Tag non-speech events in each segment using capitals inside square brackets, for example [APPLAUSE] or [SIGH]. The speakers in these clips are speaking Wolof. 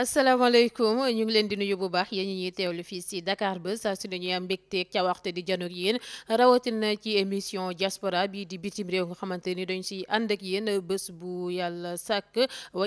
asalaamaaleykum ñu ngi leen di nuyu bu baax yéen ñi ñuy teewlu fii si Dakar Buzz saa su dañuy am mbégteeg ca waxte di janook yéen rawatina ci émission diaspora bi di bitim réew nga xamante ni dañ si ànd ak yéen bés bu yàlla sàkk wa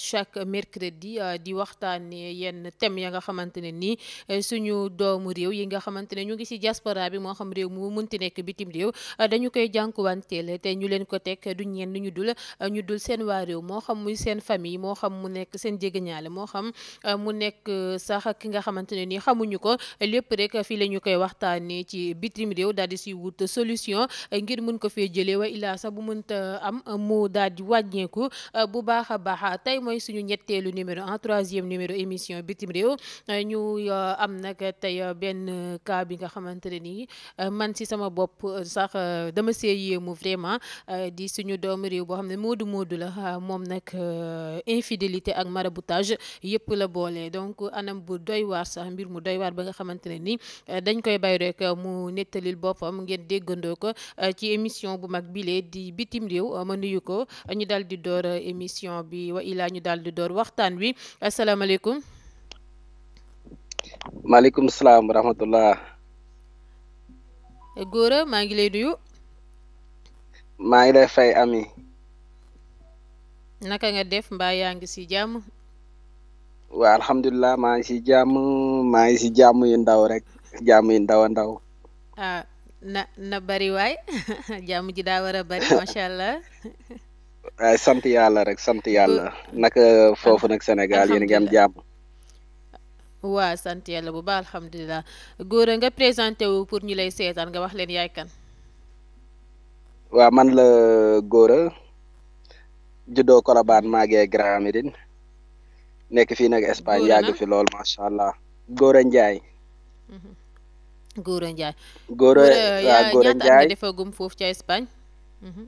chaque mercredi di waxtaanee yenn thèmes ya nga xamante ne nii suñu doomu réew yi nga xamante ne ñu ngi si diaspora bi moo xam réew mu munti nekk bitim réew dañu koy jànkuwanteel te ñu leen ko teg du ñenn ñu dul ñu dul seen waar réew moo xam muy seen famille moo xam mu nekk seen jegeñaale moo xam euh, mu nekk euh, sax ki nga xamante ne nii xamuñu ko lépp rek fii la ñu koy waxtaane ci bitim réew daal di wut solution euh, ngir mun ko fee jëlee wa illaa sax bu mënta am mu daal di wàññeeku bu baax a baax tey mooy suñu ñetteelu numéro en troisième numéro émission bitim réew ñu am nag tey benn cas bi nga xamante ne nii man si sama bopp sax dama see yéemu vraiment di suñu doom réew boo xam ne moodu moodu la moom nag infidélité ak maraboutage yépp la boole donc anam bu doy waar sax mbir mu doy waar ba nga xamante ne ni euh, dañ koy bay rek euh, mu nettalil boppam ngeen déggandoo ko euh, ci émission bu mag bile di bitim réew ma nuyu ko ñu daal di door émission bi wa ilaa ñu daal di door waxtaan wi asalaamaaleykum. maaleykum salaam wa rahmatullah. maa ngi lay nuyu. maa ngi lay fay ami. naka nga def mbaa yaa ngi ci jàmm. waa alhamdulilah maa ngi si jàmm maa ngi si jàmm yu ndaw rek jàmm yu ndaw a ndaw. Ah, na bari waay [LAUGHS] jàmm ji daa war a bari [LAUGHS] macha allah. waaye sant yàlla rek sant yàlla naka foofu nag Sénégal yéen ngi jàmm. waa sant yàlla bu baax alhamdulilah Gora nga présenté wu pour ñu lay seetaan nga wax leen yaay kan. waa man la Gora juddoo Colobane maagee Grand Médine. nekk fii nag Espagne yàgg fi lool macha allah. Gora Ndiaye. Mm-hmm. Gora Ndiaye. Gora waaw Gora Ndiaye ñaata defagum foofu ca Espagne. Mm-hmm.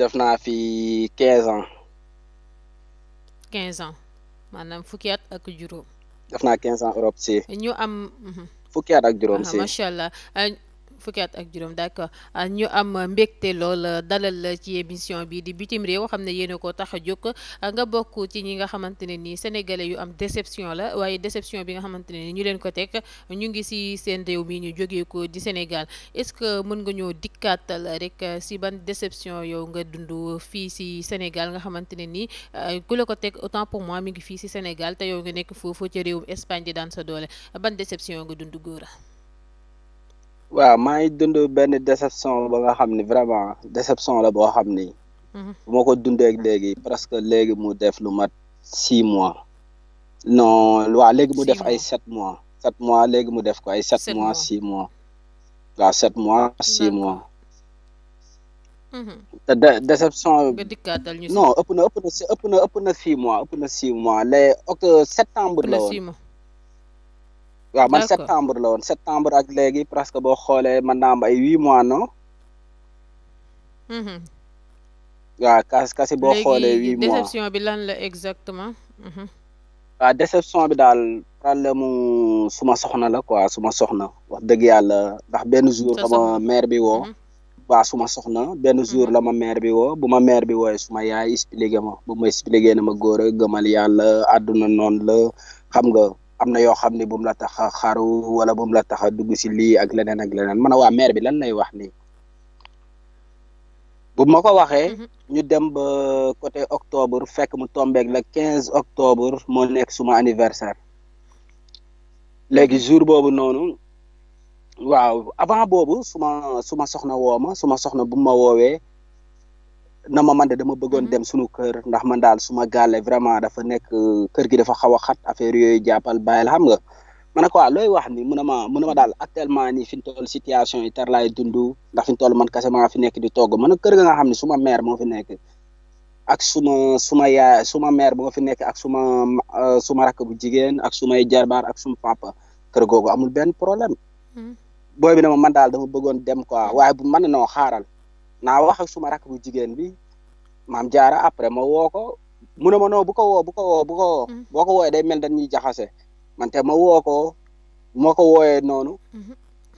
def naa fi quinze ans. quinze ans maanaam fukki at ak juróom. def naa quinze ans Europe si. ñu am. Mm-hmm. fukki at ak juróom si macha allah. fukki ak juróom d'accord ah, ñu am mbégte lool dalal ci émission bi di bitim réew xam ne yéen a ko tax a jóg ah, nga bokk ci ñi nga xamante ne nii sénégalais yu am déception la waaye déception bi nga xamante ne nii ñu leen ko teg ñu ngi si seen réew mi ñu jógee ko di Sénégal est-ce que mën nga ñoo dikkaatal rek ah, si ban déception yow nga dund fii si Sénégal nga xamante ne nii ku la ko teg autant pour moi mi ngi fii si Sénégal te yow nga nekk foofu ca réewum Espagne daan sa doole ban déception nga dund góora waaw maa ngi dund benn déception ba nga xam ni vraiment déception la boo xam ni. Mhm. bu ma ko dundee léegi presque léegi mu def lu mat six mois. non waaw léegi mu def ay sept mois sept mois léegi mu def ko ay sept mois six mois waaw sept mois six mois. Mhm. te déception non ëpp na ëpp na ëpp na ëpp na six mois ëpp na six mois les ok septembre la woon. waaw man septembre la woon septembre ak léegi presque boo xoolee mën naa ay huit mois non. Mhm. waaw kasi kasi boo xoolee huit mois déception bi lan la exactement. Mhm. waaw déception bi daal problème mu suma soxna la quoi suma soxna wax dëgg yàlla ndax benn jour dama mère bi woo. Mhm. waaw ma soxna benn jour la ma mère bi woo bu ma mère bi wooye suma yaay expliqué ma bu ma expliqué ne ma góor a gëmal yàlla àdduna noonu la xam nga. am na yoo xam ne bu mu la tax a xaru wala bu mu la tax a dugg si lii ak leneen ak leneen mën a waa maire bi lan lay wax nii bu ma ko waxee mhm. ñu dem ba côté octobre fekk mu tombeeg le quinze octobre moo nekk suma anniversaire léegi jour boobu noonu waaw avant boobu suma suma soxna woo ma suma soxna bu ma woowee na ma man de dama bëggoon mhm. dem suñu kër ndax man daal suma gàlle vraiment dafa nekk euh, kër gi dafa xaw a xat affaire yooyu jàppal bàyyil xam nga ma ne ko waaw looy wax ni mu ne ma mu ne ma daal actuellement nii fi ñu toll situation yi tar laay dund ndax fi ñu man kese maa fi nekk di toog man kër ga nga xam ne suma mère moo fi nekk ak suma suma yaay suma mère moo fi nekk ak suma euh, suma rakk bu jigéen ak sumay jarbaar ak suma papa kër googu amul benn problème mhm. booy bi ne ma man daal dama bëggoon dem quoi waaye bu man noo xaaral naa wax ak suma rakk bu jigéen bi maam jaara après ma woo ko mu ne ma noo bu ko woo bu ko woo bu ko woo mm-hmm. boo ko wooyee day mel dañuy jaxase man te ma woo ko moo ko wooyee noonu mm-hmm.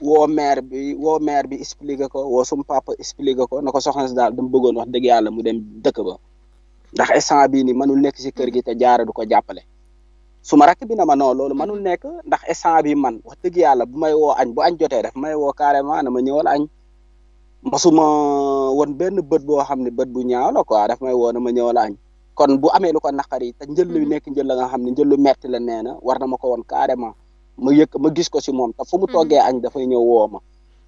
wo maire bi woo maire bi expliqué ko woo sum papa expliqué ko na ko soxna si daal dama bëggoon wax dëgg yàlla mu dem dëkk ba ndax instant bii ni mënul nekk si kër gi te jaara du ko jàppale su ma rakk bi na ma noo loolu mënul nekk ndax instant bi man wax dëgg yàlla bu may woo añ bu añ jotee daf may woo carrément na ma ñëwal añ ma masuma woon benn bët boo xam ne bët bu ñaaw la ko a daf may woon ma ñëw la añ kon bu amee lu ko naqari te njël lu mhm. nekk njël la nga xam ne njël lu metti la nee na war na ma ko woon carrément ma yëkk ma gis ko si moom te fu mu mhm. toggee añ dafay ñëw woo ma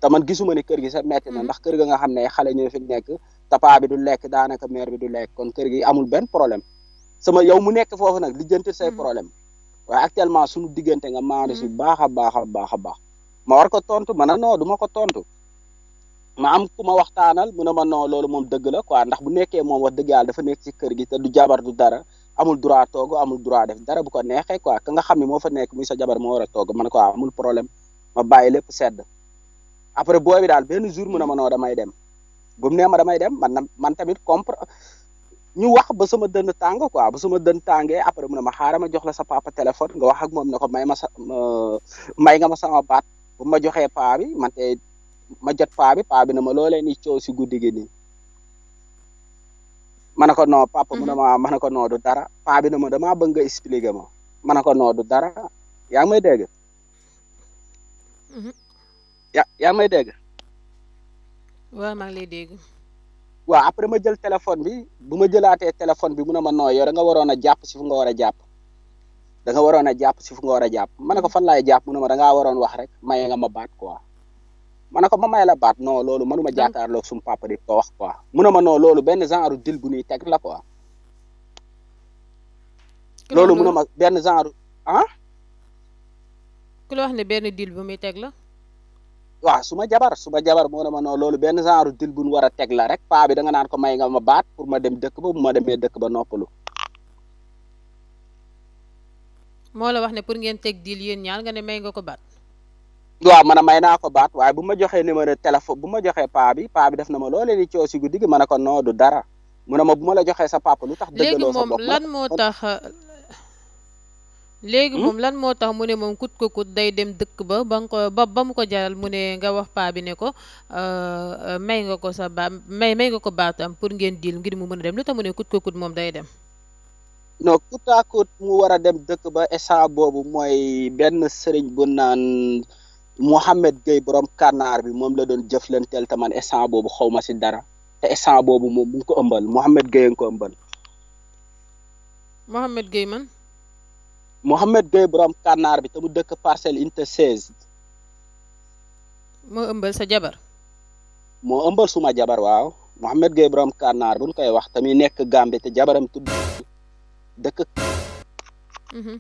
te man gisuma ne kër gi sax metti na mhm. ndax kër ga nga xam ne xale ñoo fi nekk te paa bi du lekk daanaka mère bi du lekk kon kër gi amul benn problème sama yow mu nekk foofu nag lijjantil say problème waaye actuellement suñu diggante nga maandu si baax a baax a baax baax ko tontu ma am ku ma waxtaanal mu ne man non loolu moom dëgg la quoi ndax bu nekkee moom wax dëgg yàlla dafa nekk ci kër gi te du jabar du dara amul droit toog amul droit def dara bu ko neexee quoi ka nga xam ne moo fa nekk muy sa jabar moo war a toog man quoi ah, amul problème ma bàyyi lépp sedd après booy bi daal benn jour mu ne ma non damay dem bu nee ma damay dem man man tamit compre ñu wax ba sama dënn tàng quoi ba sama dënn tàngee après mu ne ma xaaral ma jox la sa papa téléphone nga wax ak moom ne ko may ma sa may nga ma sama baat bu ma joxee paa bi man tey ma jot paa bi paa na ma loolee ni coow si guddi gi nii ma ne ko non papa mhm. ma ma ne ko non du dara paa bi na ma damaa bëgg nga expliquer ma ma ne ko non du dara yaa ngi may dégg mhm. ya yaa may dégg waaw maa ngi lay dégg après ma jël téléphone bi bu ma jëlaatee téléphone bi mu ne ma non yow nga waroon a jàpp si fu a jàpp da waroon a jàpp si fu nga a jàpp ma ne ko fan laay jàpp mu ma da ngaa waroon wax rek maye nga ma baat quoi ma ne ko ma may la baat non loolu mënuma ah. jaakaarloog sumu papa di ko wax quoi mun a ma non loolu benn genre dil teg la quoi loolu mun benn genre ah ku la wax ne benn dil bu muy teg la waa su ma jabar su ma jabar moo ne ma non loolu benn genre dil bu ñu war a teg la rek paa bi da nga naan ko may nga ma baat pour ma dem dëkk ba bu ma demee dëkk ba noppalu moo la wax ne pour ngeen teg dil yéen ñaar nga ne may nga ko baat waaw man a may naa ko baat waaye bu ma joxee numéro téléphone bu ma joxee paa bi paa bi def na ma loolee ni coow si guddi gi ma ne ko non du dara mu ne ma bu ma la joxee sa papa lu tax. dëggaloo sa bopp léegi moo hmm? tax. moom lan moo tax mu ne moom kut ko kut day dem dëkk ba ba ko ba ba mu ko jaral mu ne nga wax paa bi ne ko euh, euh, may nga ko sa ba may may nga ko baatam pour ngeen diil ngir mu mën a dem lu tax mu ne kut ko kut moom day dem. non kut kut mu war a dem dëkk ba instant boobu mooy benn sëriñ bu naan. Mouhamed Gueye borom kànnaar bi moom la doon jëflanteel te man instant boobu xaw ma si dara te instant boobu moom mu ko ëmbal Mouhamed Gueye nga man. Mouhamed Gueye borom kànnaar bi te mu dëkk parcelle unité 16. moo ëmbal sa jabar. moo ëmbal suma jabar waaw Mouhamed Gueye borom kànnaar buñ koy wax tamit nekk Gambie te jabaram tudd dëkk. Mhm.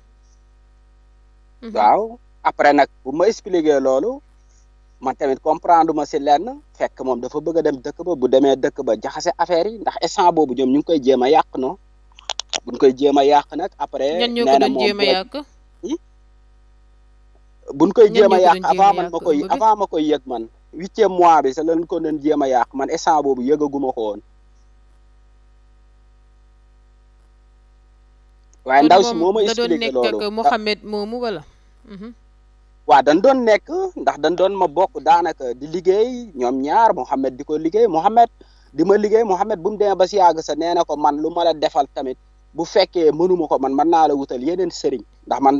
Mhm. waaw. après nag bu ma expliquer loolu man tamit comprendre ma si lenn fekk moom dafa bëgg a dem dëkk ba bu demee dëkk ba jaxase affaire yi ndax instant boobu ñoom ñu ngi koy jéem a yàq no buñ koy jéem a yàq nag après. ñan ñoo ko doon hmm? buñ koy jéem a yàq avant man ma koy avant ma koy yëg man huitième mois bi sa lañ ko doon jéem a yàq man instant boobu yëgaguma ko woon. waaye ndaw si moo ma expliqué loolu da moomu wala. Mhm. waaw dañ doon nekk ndax dañ doon ma bokk daanaka di liggéey ñoom ñaar Mouhamed di ko liggéey Mouhamed di ma liggéey Mouhamed bu mu demee ba si yàgg sa nee na ko man lu ma la defal tamit bu fekkee mënuma ko man man naa la wutal yeneen sëriñ ndax man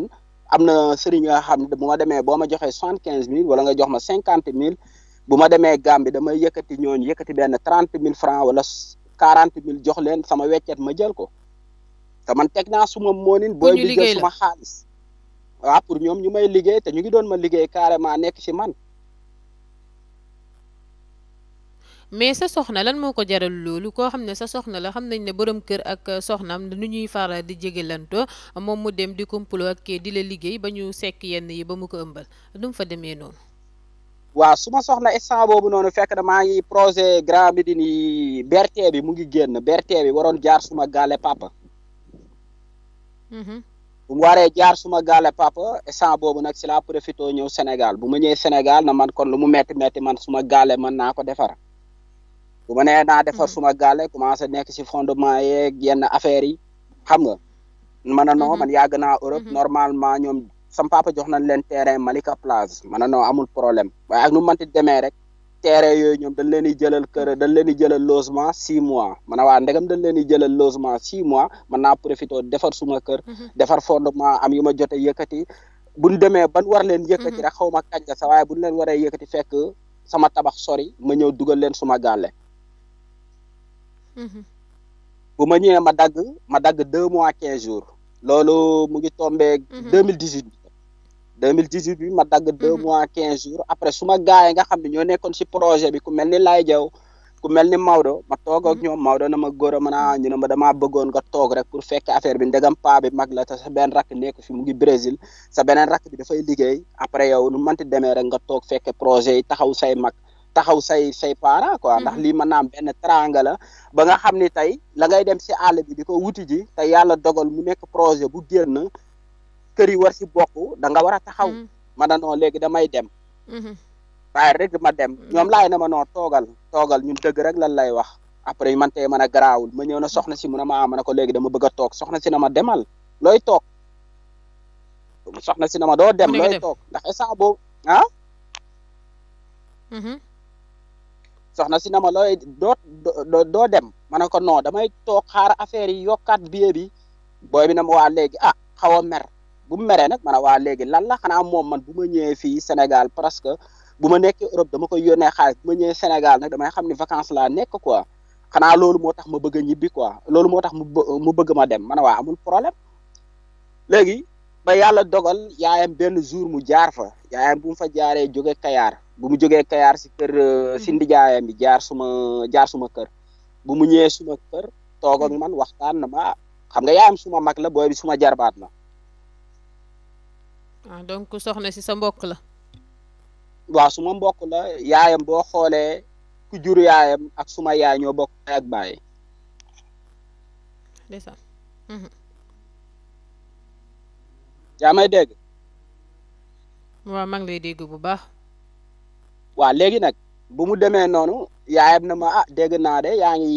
am na sëriñ yoo xam ne bu ma demee boo ma joxee cent quinze mille wala nga jox ma cinquante mille bu ma demee Gàmbi damay yëkkati ñooñu yëkkati benn trente mille franc wala quarante mille jox leen sama weccet ma jël ko teg naa suma moonin booy bi jël suma ah pour ñoom ñu may liggéey te ñu ngi doon ma liggéey carrément nekk ci man. mais sa soxna lan moo ko jaral loolu koo xam ne sa soxna la xam nañ ne boroom kër ak soxnaam nu ñuy faral di jégalanto moom mu dem di kumpuloo ak di la liggéey ba ñu sekk yenn yi ba mu ko ëmbal nu mu fa demee noonu. waaw su ma soxna instant boobu noonu fekk na maa ngi projet Grand Médine yi berté bi mu ngi génn berté bi waroon jaar suma gaale papa. Mhm. bu jaar suma gaale papa sant boobu nag si laa profité ñëw Sénégal bu ma ñëwee Sénégal na man kon lu mu metti metti man suma gaale mën naa ko defar bu ma nee naa defar hmm. suma gaale commencé nekk si fondement yeeg yenn affaires yi xam nga ma ne non hmm. man yàgg naa Europe hmm. normalement ñoom sam papa jox nañ leen terrain Malika Plage ma ne non amul problème waaye ak nu mu mënti demee rek terrain yooyu ñoom dañ leen di jëlal kër dañ leen di jëlal logement six mois man a waa ndegam dañ leen di jëlal logement six mois man naa profité defar suma kër mhm. defar fondement am yu ma jote yëkkati buñ demee ban war leen yëkkati mhm. rek xaw ma kañ la sa waaye leen waree yëkkati fek sama tabax sori ma ñëw dugal leen suma gàlle mhm. bu ma ñëwee ma dagg ma dagg deux mois quinze jours loolu mu ngi tombé deux mille dix huit deux mille dix huit bi ma dagg deux mhm. mois quinze jours après su ma gars nga xam ne ñoo nekkoon si projet bi ku mel ni Laye Diaw ku mel ni Maodo ma toog ak mhm. ñoom Maodo na ma góor a mën a ñu ne ma damaa bëggoon nga toog rek pour fekk affaire bi ndegam paa bi mag la te sa benn rakk nekk fi mu ngi Brésil sa beneen rakk bi dafay liggéey après yow nu manti demee rek nga toog fekk projet yi taxaw say mag taxaw say say parents quoi ndax mhm. lii mën naa am benn teranga ba nga xam ni tey la ngay dem si àll bi di ko wuti ji te yàlla dogal mu nekk projet bu génn kër yi war si bokk da nga war a taxaw mm-hmm. ma ne non léegi damay dem mm-hmm. waaye rek ma dem mm-hmm. ñoom laay na ma noo toogal toogal ñun dëgg rek lan lay wax après man tey mën a garaawul ma ñëw na soxna si mun ne ma ah, ma ne ko léegi dama bëgg a toog soxna si na ma demal looy toog soxna si na ma doo dem looy toog ndax instant boobu ah? soxna si na ma doo doo dem ma ne ko non damay toog xaar affaire yi yokkaat billet bi booy bi na ma waa léegi ah xaw a mer bu mu meree nag ma ne waa léegi lan la xanaa moom man bu ma ñëwee fii Sénégal presque bu ma nekkee Europe dama koy yónnee xaalis bu ma ñëwee Sénégal nag damay xam ni vacances laa nekk koi xanaa loolu moo tax ma bëgg a ñibbi quoi loolu moo tax mu bëgg ma dem ma ne waa amul problème léegi ba yàlla dogal yaayam benn jour mu jaar fa yaayam bu mu fa jaaree jóge Kayaar bu mu jógee Kayaar si kër euh, hmm. si ndijaayam bi jaar suma jaar suma kër bu mu ñëwee suma kër toog ak hmm. man waxtaan na ma ah, xam nga yaayam suma mag la booy suma jarbaat la ah donc soxna si sa mbokk la. waaw suma mbokk la yaayam boo xoolee ku jur yaayam ak suma yaay ñoo bokk ak baay. ndeysaan. Mhm. yaa may dégg. waaw mag ngi lay dégg bu baax. waaw léegi nag bu mu demee noonu yaayam na ma ah dégg naa de yaa ngi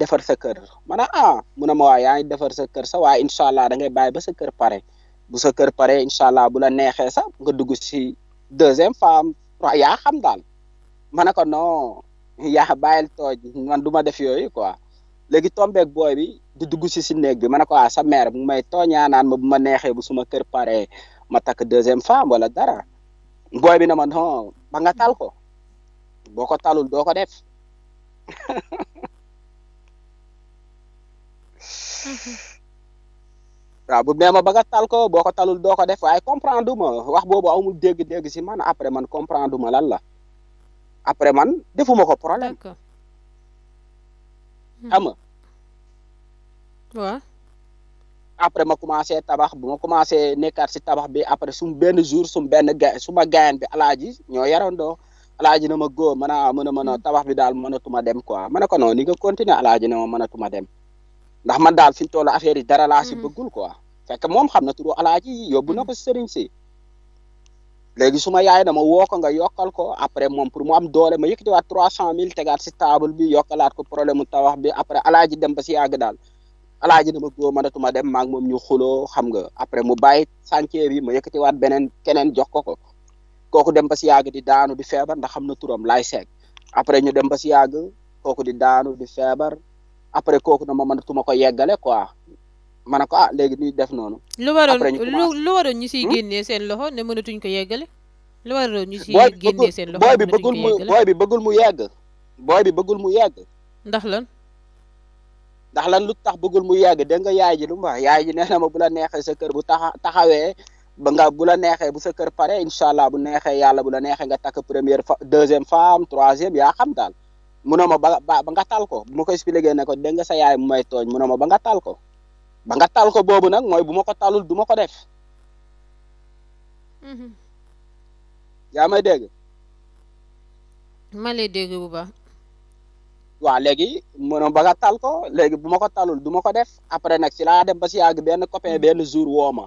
defar sa kër ma a ah mu ne ma waa yaa ngi defar sa kër sa waaye incha allah da ngay bàyyi ba sa kër pare. bu sa kër pare incha allah bu la neexee sax nga dugg si deuxième femme yaa xam daal ma ne ko non yaa bàyyil tooj man du ma def yooyu quoi léegi tombeeg booy bi di dugg si si néeg bi ma ne ko ah sa mère mu may tooñaa naan ma bu ma neexee bu suma kër pare ma takk deuxième femme wala dara booy bi na ma non ba nga tal ko boo ko talul doo ko def [LAUGHS] waaw bu nee ma ba tal ko boo ko talul doo ko def waaye comprendre ma wax boobu aw amul dégg-dégg si man après man comprendre ma lan la après man defuma ko problème. d'accord xam nga. waaw. après ma commencé tabax bu ma commencé nekkaat si tabax bi après sum benn jour sum benn ga suma gaayan bi alaaji ñoo yarandoo alaaji na ma go mën a mën a mën a tabax bi daal mënatuma dem ko ma ne ko non ni nga continuer alaaji na ma mënatuma dem. ndax man daal fi ñu toll affaire yi dara laa si mm-hmm. bëggul quoi fekk moom xam na turo alaaji yi yóbbu na mm-hmm. ko sëriñ si léegi su ma yaay dama woo ko nga yokkal ko après moom pour mu am doole ma yëkkatiwaat trois cent mille tegaat si table bi yokalaat ko problème mu tawax bi après alaaji dem ba si yàgg daal alaaji dama góo mënatuma dem maag moom ñu xuloo xam nga après mu bàyyi chantier bi ma waat beneen keneen jox ko ko kooku dem ba si yàgg di daanu di feebar ndax xam na turam laay seeg après ñu dem ba si yàgg kooku di daanu di feebar après kooku na ma mënatuma ko yeggale quoi ma ne ko ah léegi ñuy def noonu. lu waroon lu waroon ñu siy hmm? génnee seen loxo ne mënatuñ ko yeggale. lu waroon ñu siy génnee seen loxo booy bi bëggul mu booy bi bëggul mu yegg. booy bi bëggul mu yegg. ndax lan. ndax lan lu tax bëggul mu yegg dégg nga yaay ji lu mu wax yaay ji nee na ma bu la neexee sa kër bu taxa taxawee. ba nga bu la neexee bu sa kër pare incha allah bu neexee yàlla bu la neexee nga takk première fa deuxième femme troisième yaa xam daal munoo ma ba ba nga tal ko bu ma ko expliqué ne ko dégg nga sa yaay mu may tooñ munoo ma ba nga tal ko ba nga tal ko boobu nag mooy bu ma ko talul du ma ko def mhm. yaa may dégg ma lay dégg bu baax waaw léegi munoo ba nga tal ko léegi bu ma ko talul du ma ko def après nag si laa dem ba si yàgg benn copain benn jour woo ma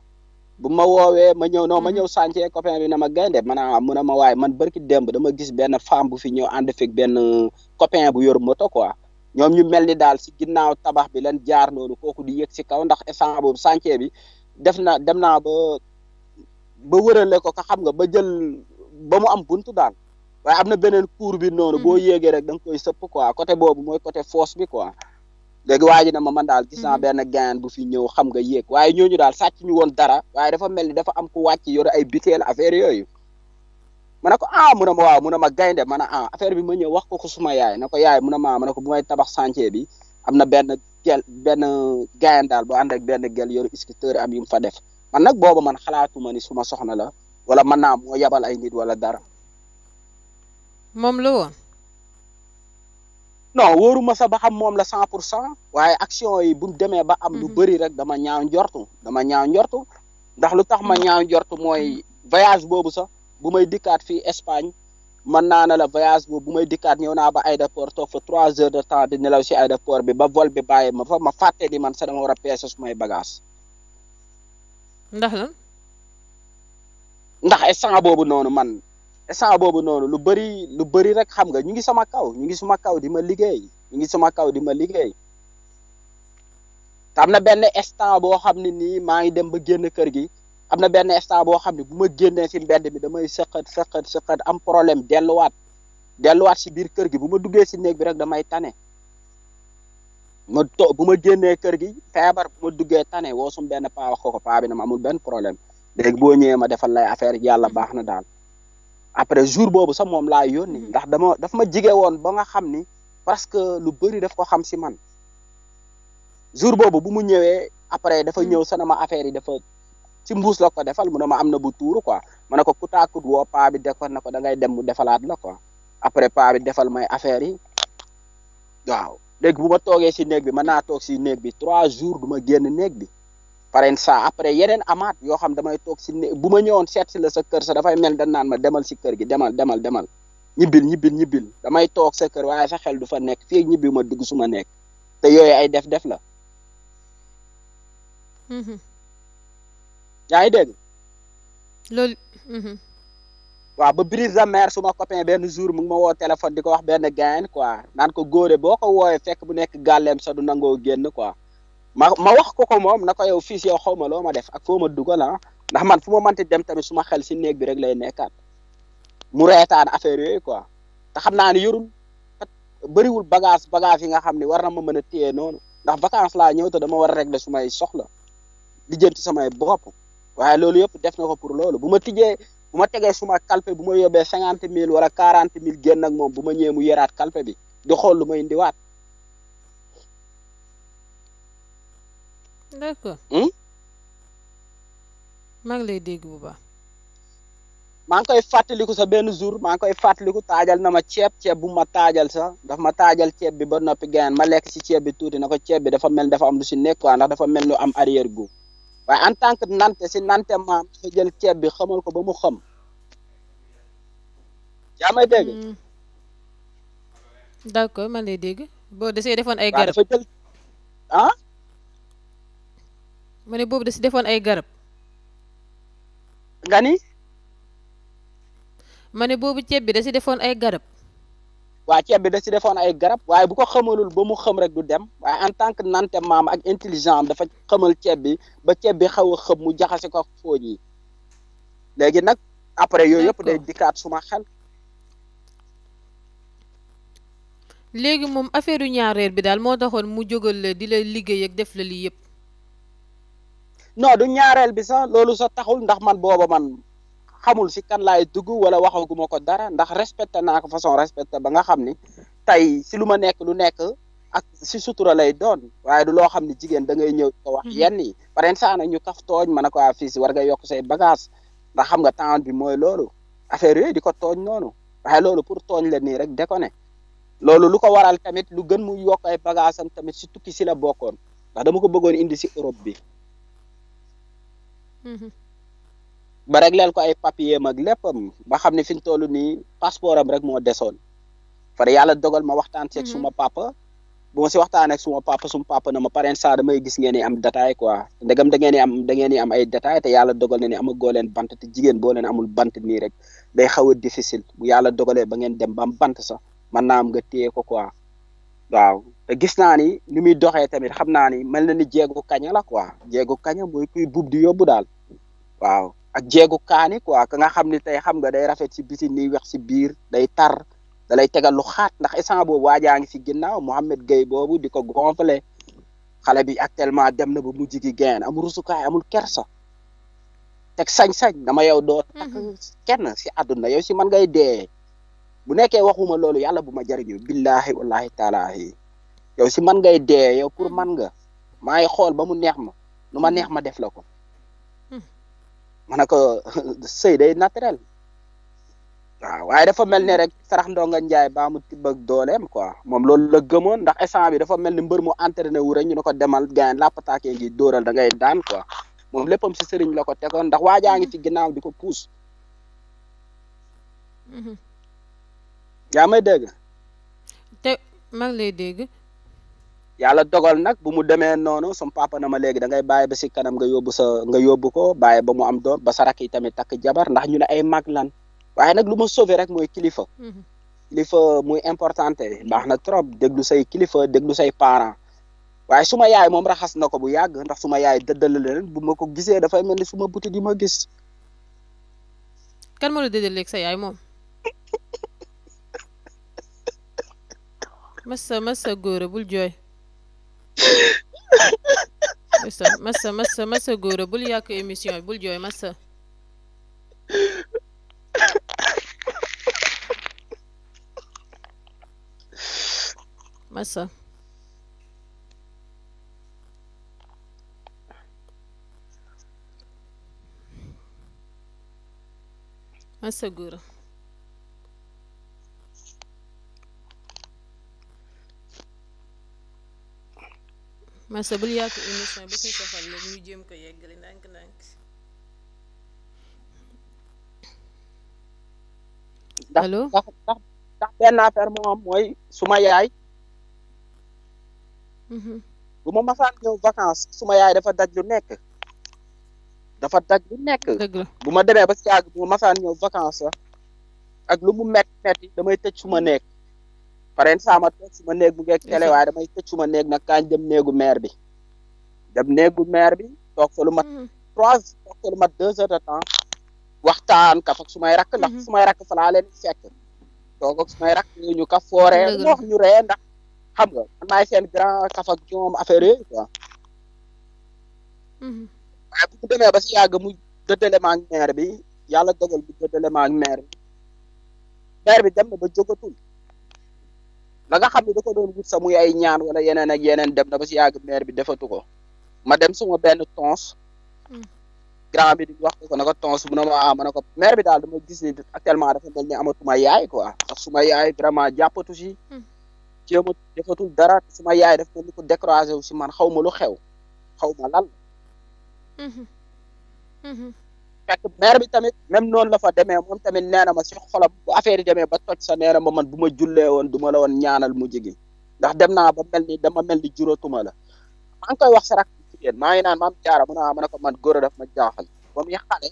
bu ma woowee ma ñëw non ma mm-hmm. ñëw sance copain bi na ma gaynde ma naa ah, mun a ma waaye man barki démb dama gis benn femme bu fi ñëw ànd fekk benn euh, copain bu yor moto quoi ñoom ñu mel ni daal si ginnaaw tabax bi lan jaar noonu kooku di yëg si kaw ndax instant boobu sàncee bi def na dem naa ba wërale ko ka xam nga ba jël ba mu am buntu daal waaye am na beneen cour bi noonu boo mm-hmm. yéegee rek da nga koy sëpp quoi côté boobu mooy côté fosse bi quoi léegi waa ji ne ma man daal gis naa mhm. benn gaan bu fi ñëw xam nga yéeg waaye ñooñu daal sàcc ñu woon dara waaye dafa mel ni dafa am ku wàcc yore ay biteel affaire yooyu ma ne ko ah mu ne ma waaw mu ne ma gaynde ma ne ah affaire bi ma ñëw wax ko ko suma yaay na ko yaay mu ne ma ma ne ko bu may tabax chantier bi am na benn gel benn gaayan daal bu ànd ak benn gel yoru scooter am yu mu fa def man nag booba man xalaatuma ni suma soxna la wala man naa moo yabal ay nit wala dara moom la woon non waruma sa ba xam moom la cent pour cent waaye action yi bu demee ba am lu mhm. bëri rek dama ñaaw njortu dama ñaaw njortu ndax lu tax ma ñaaw njortu mooy voyage boobu sax bu may dikkaat fii Espagne mën naa ne la voyage boobu bu may dikkaat ñëw naa ba aéroport toog fa trois heures de temps di nelaw si aéroport bi ba vol bi bàyyi ma fa ma fàtte ni man sax dama war a peese sumay bagage ndax la ndax instant boobu noonu man instant boobu noonu lu bari lu bari rek xam nga ñu ngi sama kaw ñu ngi sama kaw di ma liggéey ñu ngi sama kaw di ma liggéey te am na benn instant boo xam ne nii maa ngi dem ba génn kër gi am na benn instant boo xam ne bu ma génnee si mbedd mi damay sëqat sëqat sëqat am problème delluwaat delluwaat si biir kër gi bu ma duggee si néeg bi rek damay tane ma to bu ma génnee kër gi feebar bu ma duggee tane woo sum benn paa wax ko ko paa bi na ma amul benn problème léegi boo ñëwee ma defal lay affaire yàlla baax na daal après jour boobu sax moom laa yónni mm-hmm. ndax dama dafa ma jige woon ba nga xam ni parce que lu bëri daf ko xam si man jour boobu bu mu ñëwee après dafa mm-hmm. ñëw sa na ma affaire yi dafa ci mbuus la ko defal mu ne ma am na bu tuuru quoi ma ne ko kutaakut woo paa bi dekoon na ko dangay dem mu defalaat la ko après paa defal may affaire yi waaw léegi bu ma toogee si néeg bi mën naa toog si néeg bi trois jours du ma génn néeg bi pare saa après yeneen amaat yoo xam damay toog si ne bu ma ñëwoon seet si la sa kër sa dafay mel da naan ma demal si kër gi demal demal demal ñibbil ñibbil ñibbil damay toog sa kër waaye sa xel du fa nekk fii ñibbi ma dugg su ma nekk te yooyu ay def-def la. Mm-hmm. yaa ngi dégg. waa mm-hmm. waaw ba brise sa mère suma copain benn jour mu ngi ma woo téléphone di ko wax benn gain quoi naan ko góore boo ko woowee fekk bu nekk gàlleem sa du nangoo génn quoi. ma ma wax ko ko moom na ko yow fii yow xaw ma loo ma def ak foo a dugal ah ndax man fu ma mënti dem tamit suma xel si néeg bi rek lay nekkaat mu reetaan affaire yooyu quoi te xam naa ne yorul bëriwul bagage bagage yi nga xam ne war na ma mën a téye noonu ndax vacance laa ñëw te dama war a régler sumay soxla di jënti samay bopp waaye loolu yëpp def na ko pour loolu bu ma tijee bu ma tegee suma calpe bu ma yóbbee cinquante mille wala quarante mille génn ak moom bu ma ñëwee mu yëraat calpe bi di xool lu may indiwaat d'accord. Hmm? maa ngi lay dégg bu baax. maa ngi koy fàttaliku sax benn jour maa ngi koy fàttaliku taajal na ma ceeb ceeb bu ma taajal sax daf ma taajal ceeb bi ba noppi gayan ma lekk si ceeb bi tuuti na ko ceeb bi dafa mel dafa am lu si nekk ndax dafa mel lu am arrière goût waaye en tant que nante si nante maam dafa jël ceeb bi xamal ko ba mu xam. yaa may dégg. Hmm. d'accord man lay dégg boo desee defoon ay garab dafa jël ah. ma ne boobu da si defoon ay garab. nga ni. ma ne boobu ceeb bi da si defoon ay garab. waa ceeb bi da defoon ay garab waaye bu ko xamalul ba mu xam rek du dem waaye en tant que nante maam ak intelligent am dafa xamal ceeb bi ba ceeb bi xaw a xëm mu jaxase ko fooñ yi léegi nag après yooyu yëpp day dikkaat suma xel. léegi moom affaire yu ñaareel bi daal moo taxoon mu jógal la di lay liggéey ak def la lii yëpp. non du ñaareel bi sax loolu sax taxul ndax man booba man xamul si kan laay dugg wala waxaguma ko dara ndax respecté naa ko façon respecté ba nga xam ni tey si lu ma nekk lu nekk ak si sutura lay doon waaye du loo xam ne jigéen da ngay ñëw ko wax mhm. yenn yi par exemple ñu kaf tooñ mën a ko ah, fii si war nga yokk say bagage ndax xam nga temps bi mooy loolu affaire yooyu di ko tooñ noonu waaye loolu pour tooñ la nii rek déconné loolu lu ko waral tamit lu gën mu yokk ay bagage tamit si tukki si la bokkoon ndax dama ko bëggoon indi si Europe bi ba régleel ko ay papier mag lépp léppam ba xam ne fi ñu toll nii passeport am rek moo desoon far yàlla dogal ma waxtaan ci mhm. suma papa bu ma si waxtaanee ak suma papa suma papa na ma parent saa may gis ngeen ni am détail quoi ndegam da ngeen am da ngeen di am ay détail te yàlla dogal na ni amagoo leen bant te jigéen boo leen amul bant nii rek day xaw a difficile bu yàlla dogalee ba ngeen dem ba am sax mën naa am nga téye ko quoi. waaw gis naa ni ni muy doxee tamit xam naa ni mel na ni jéegu kaña la quoi jéegu kaña mooy kuy buub di yóbbu daal waaw ak jéegu kaani quoi ka nga xam ni tey xam nga day rafet si biti ni wex si biir day tar da lay tegal lu xaat ndax instant boobu waajaa ngi si ginnaaw Mohamed Gueye boobu di ko gonflé xale bi actuellement dem na ba mujj gi gain amul rusukaay amul kersa teg sañ-sañ dama yow doo takk mm-hmm. kenn si àdduna yow si man ngay dee bu nekkee waxuma loolu yàlla bu ma jariñu billahi wallahi taalaahi yow si man ngay dee yow pour man nga maa ngi xool ba mu neex ma nu ma neex ma def la ko ma ne ko [LAUGHS] sëy day naturel waaw waaye dafa mel ne rek sarax ndonga njaay baa mu tibb ak dooleem quoi moom loolu la gëmoon ndax instant bi dafa mel ni mbër mu entraîné wu rek ñu ne ko demal gaañ lappataakee ngi dóoral da ngay daan quoi moom léppam si sëriñ la ko tegoon ndax waajaa ngi ci ginnaaw di ko puus mm-hmm. yaa may dégg. te maa lay dégg. yàlla dogal nag bu mu demee noonu sama papa na ma léegi da ngay bàyyi ba si kanam nga yóbbu sa nga yóbbu ko bàyyi ba mu am doom ba sa rakk yi tamit takk jabar ndax ñu ne ay mag lan waaye nag lu ma sauvé rek mooy kilifa. Mhm. kilifa muy importante baax nag trop déglu say kilifa déglu say parents waaye su ma yaay moom raxas na ko bu yàgg ndax su ma yaay dëddale leen bu ma ko gisee dafay mel ni su ma butit yi ma gis. kan moo la massa massa góora bul jooy massa massa massa góora bul yàq émission bul jooy massa massa massa góora Massa bul yàq émission bi suñu soxal la ñu jéem ko yeggali ndànk-ndànk. allo ndax ndax benn affaire moo mooy suma yaay. Mhm. bu ma masaan ñëw vacances suma yaay dafa daj lu nekk. dafa daj lu nekk. bu ma demee ba si yàgg bu ma masaan ñëw vacances ak lu mu metti yi damay tëj suma nekk. paren sama toog su ma néeg mu ngeeg télé waaye damay tëj su ma néeg na kaañ dem néegu maire bi dem néegu maire bi toog fa lu mat mhm. trois toog fa lu mat deux heures de temps waxtaan kaf ak su may rakk ndax mhm. su may rakk fa laa leen fekk toog ak rakk ñu kaf fooree wax ñu ree ndax xam nga man seen grand kaf ak affaire yooyu quoi mhm. waaye bu demee ba si yàgg mu dëddale ma ak bi yàlla dogal bu dëddale ma ak bi maire bi dem na ba jógatul la xam ne da ko doon wut sa mu ay ñaan wala yeneen ak yeneen dem na ba si yàgg maire bi defatu ko ma dem suma benn tons hmm. grand bi di wax ko na ko tons mu ne ma ah ma ne ko maire bi daal dama gis ni actuellement dafa mel ni amatuma yaay quoi ndax suma yaay vraiment jàppatu si hmm. jéem a defatul dara suma yaay def mel ni ko découragé wu si man xaw ma lu xew xaw ma lan hmm. fekk maire bi tamit même noonu la fa demee moom tamit nee ma si xolam bu affaire yi demee ba toj sa nee ma man bu ma jullee woon du la woon ñaanal mu gi ndax dem naa ba mel ni dama mel ni juróotuma la maa ngi koy wax sa rak maa ngi naan maam jaara mu ne ah, ma ko man góor a daf ma jaaxal ba muy xale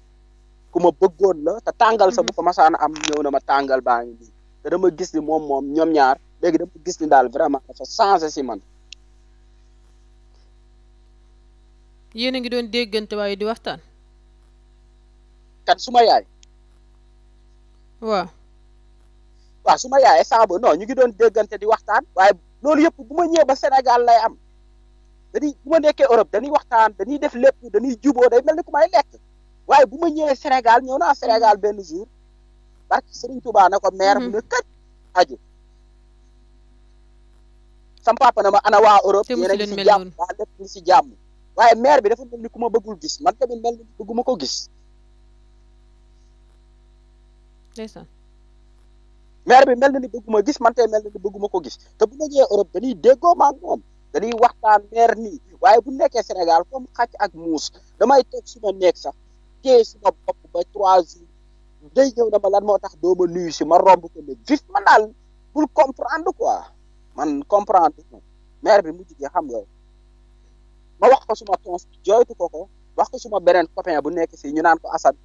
ku ma bëggoon la te tàngal sa mhm. bu ko masaan am ñëw na ma tàngal baa ngi nii te dama gis ni moom moom ñoom ñaar léegi dama gis ni daal vraiment dafa changé si man yéen a ngi doon déggante waaye di waxtaan kan suma yaay. waaw. waaw suma yaay saa ba non ñu ngi doon déggante di waxtaan waaye loolu yëpp bu ma ñëwee ba Sénégal lay am dañuy bu ma nekkee Europe dañuy waxtaan dañuy def lépp dañuy juboo day mel ni ku may waaye bu ma ñëwee senegal ñëw naa senegal benn jour barke Serigne Touba na ko maire mu mhm. ne kat aju. sam papa na ma an waa Europe yéen a ngi si jàmm waa lépp ñu si dafa mel ni ku ma bëggul gis man tamit mel ni bëgguma ko gis. ndeysaan maire bi mel na ni bëgguma gis man tey mel na ni bëgguma ko gis te bu nekkee Europe dañuy déggoo maag moom dañuy waxtaan maire nii waaye bu nekkee Sénégal comme xaj ak muus damay toog su ma nekk sax téye su ma bopp ba trois jours day ñëw na ma lan moo tax doo ma nuyu si ma romb ko ne vif man daal bul comprendre quoi man comprendre maire bi mujj xam nga ma wax ko suma tons jooytu ko ko wax ko suma beneen copain bu nekk si ñu naan ko Assane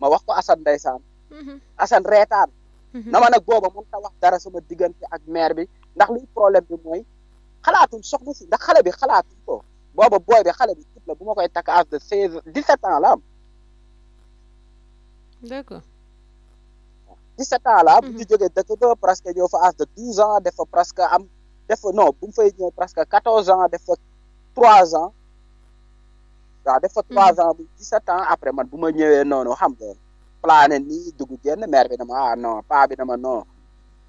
ma wax ko Assane ndeysaan Mm-hmm. Assane reetaan mm-hmm. na ma nag booba mën ta wax dara sama diggante ak maire bi ndax luy problème bi mooy xalaatul soxna si ndax xale bi xalaatul ko booba booy bi xale bi tut la bu ma koy takk âge de seize dix-sept ans la am d'accord dix-sept ans la am bu ñu jógee dëkk ba presque ñëw fa âge de douze ans def fa presque am def fa non bu mu fay ñëw presque quatorze ans def fa trois ans waaw def fa trois mm-hmm. ans bu dix-sept ans après man bu ma ñëwee noonu xam nga plané nii dugg génn maire bi na ma ah non paa bi na ma non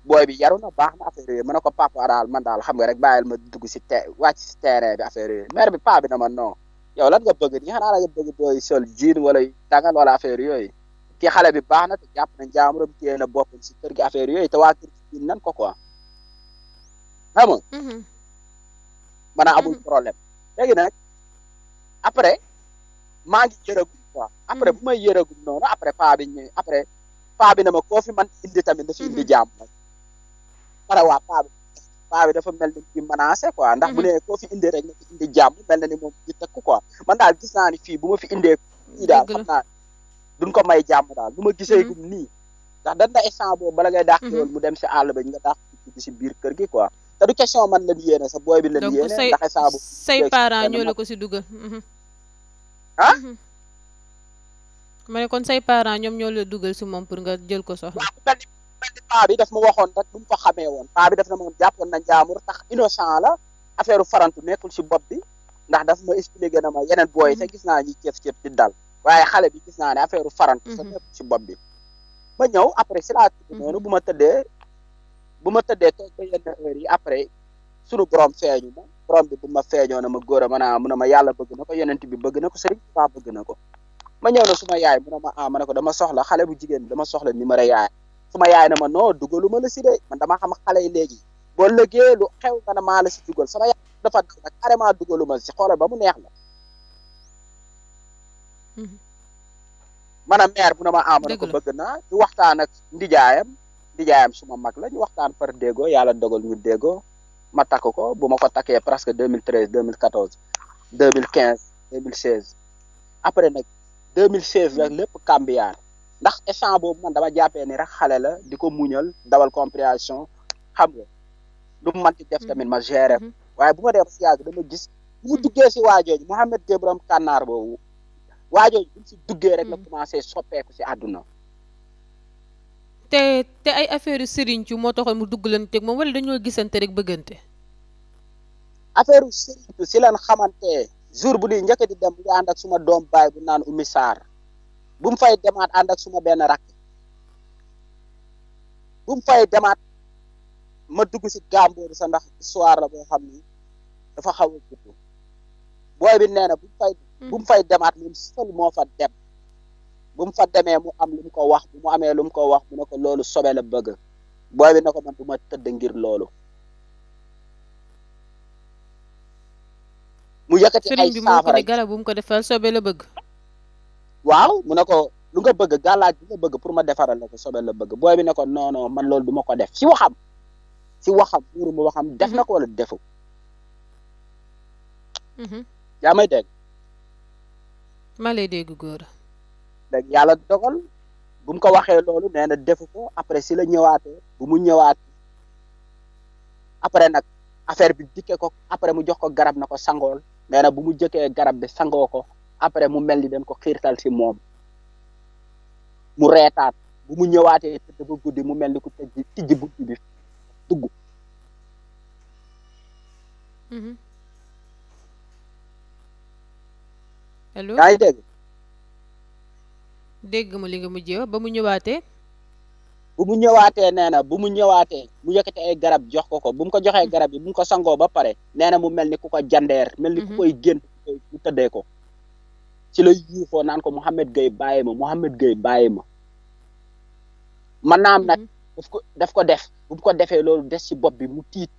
booy bi yaru na baax na affaire yooyu mën na ko papa daal man daal xam nga rek bàyyil ma dugg si te wàcc si bi affaire yooyu maire bi paa bi na ma non yow lan nga bëgg nii xanaa la nga bëgg booy sol jiin wala dangal wala affaire yooyu kii xale bi baax na te jàpp na njaamuram téye na boppam si kër gi affaire yooy te waa kër gi nan ko quoi xam nga mën mm-hmm. a amul mm-hmm. problème léegi nag après maa ngi jërëgu quoi après bu may yëragum noonu après paa bi ñu après paa bi na ma koo fi man indi tamit dafa indi mhm. jàmm pare waa paa bi paa bi dafa mel ni di menacé quoi ndax bu mhm. ne koo fi indi rek na fi indi jàmm mel na ni moom di tëkk quoi man daal gis naa ni fii bu ma fi indee fii daal xam naa duñ ko may jàmm daal bu ma gisee mhm. nii ndax dan da instant boobu bala ngay dàq loolu mu dem si àll ba nga dàq ci si biir kër gi quoi te du question man lañ yéene sa booy bi lañ yéene ndax instant boobu say parents ñoo la ko si dugal ah ma kon say parents ñoom ñoo lee dugal si moom pour nga jël ko soxna. waaw paa bi daf ma waxoon rek bu mu ko xamee woon na ma jàppoon na njaamur tax innocent la affaire farantu nekkul si bopp bi ndax daf ma expliqué na ma yeneen booy te gis naa ñuy cëf-cëf di dal waaye xale bi gis naa ne affaire farantu sa mhm. nekkul si bopp bi ma ñëw après si laa tudd mhm. noonu bu ma tëddee bu ma tëddee toog ba yenn heure yi après sunu borom feeñu ma borom bi bu ma feeñoo na ma góor a mën a ah, mun a ma yàlla bëgg na ko yonent bi bëgg na ko sëriñ Tuubaa bëgg na ko ma ñëw na suma yaay mu ne ma ah ma ko dama soxla xale bu jigéen dama soxla numéro yaay suma yaay na ma non dugalu ma la si de man dama xam xale yi léegi boo lëggee lu xew nga ne maa la sama yaay dafa nag dugalu ma si xoolal ba mu neex la maanaam bu na ma ah ma ne ko bëgg naa ñu waxtaan ak ndijaayam ndijaayam suma mag la ñu waxtaan par déggoo yàlla dogal ñu déggoo ma takk ko bu ma ko takkee presque 2013 2014 2015 2016 après nag 2016 la lépp cambiaar ndax échange boobu man dama jàppee ni rek xale la di ko muñal dawal compréhension xam nga lu mu mënti def tamit ma géré mm-hmm. waaye bu ma dee si yàgg dama gis bu mu mm-hmm. duggee si waajooju Mouhamed Gebram kànnaar boobu waajooju bu mu si duggee rek la mm-hmm. commencé soppeeku si àdduna te te ay affaire sëriñ ci moo taxoon mu dugg duggalanteeg moom wala dañoo gisante rek bëggante affaire sëriñ ci si leen xamante jour bu di njëkk di dem bu ànd ak suma doom baay bu naan Oumy Sarr bu mu fay demaat ànd ak suma benn rakk bu fay demaat ma dugg si gàmbooru sa ndax histoire la boo xam ni dafa xaw a gudd booy bi nee na bu fay demaat moom seul moo fa dem bu mu fa demee mu am lu mu ko wax bu mu amee lu mu ko wax bu ne ko loolu sobe la bëgga booy bi ne ko man du ma tëdd ngir loolu mu yëkkati ay saafara garab bu mu ko defal sobe la bëgg. waaw mu ne ko lu nga bëgg gàllaaj bi nga bëgg pour ma defaral la ko sobe la bëgg booy bi ne ko non man loolu du ko def si waxam si waxam buuru mu waxam def na ko wala defu. Mhm. yaa may dégg. ma lay dégg góor. léegi yàlla dogal bu ko waxee loolu nee na defu ko après si la ñëwaatee bu mu ñëwaat après nag affaire bi dikkee ko après mu jox ko garab na ko sangool. nee na bu mu jëkkee garab bi sangoo ko après mu mel ni dañ ko xiirtal si moom mu reetaat bu mu ñëwaatee te dafa guddi mu mel ni ko tëj tijji bunt bi dugg allo mm-hmm. yaa ngi dégg dégg mu li nga mujjee ba mu ñëwaatee bu mu ñëwaatee nee na bu mu ñëwaatee mu yëkkati ay garab jox ko ko bu mu ko joxee mm-hmm. garab yi bu mu ko sangoo ba pare nee na mu mel ni ku ko jandeer mel ni ku mm-hmm. koy génn tëddee ko ci la yuuxoo naan ko Mouhamed Gueye bàyyi ma Mouhamed Gueye bàyyi ma man naam nag mm-hmm. daf ko daf ko def bu mu ko defee loolu des ci bopp bi mu tiit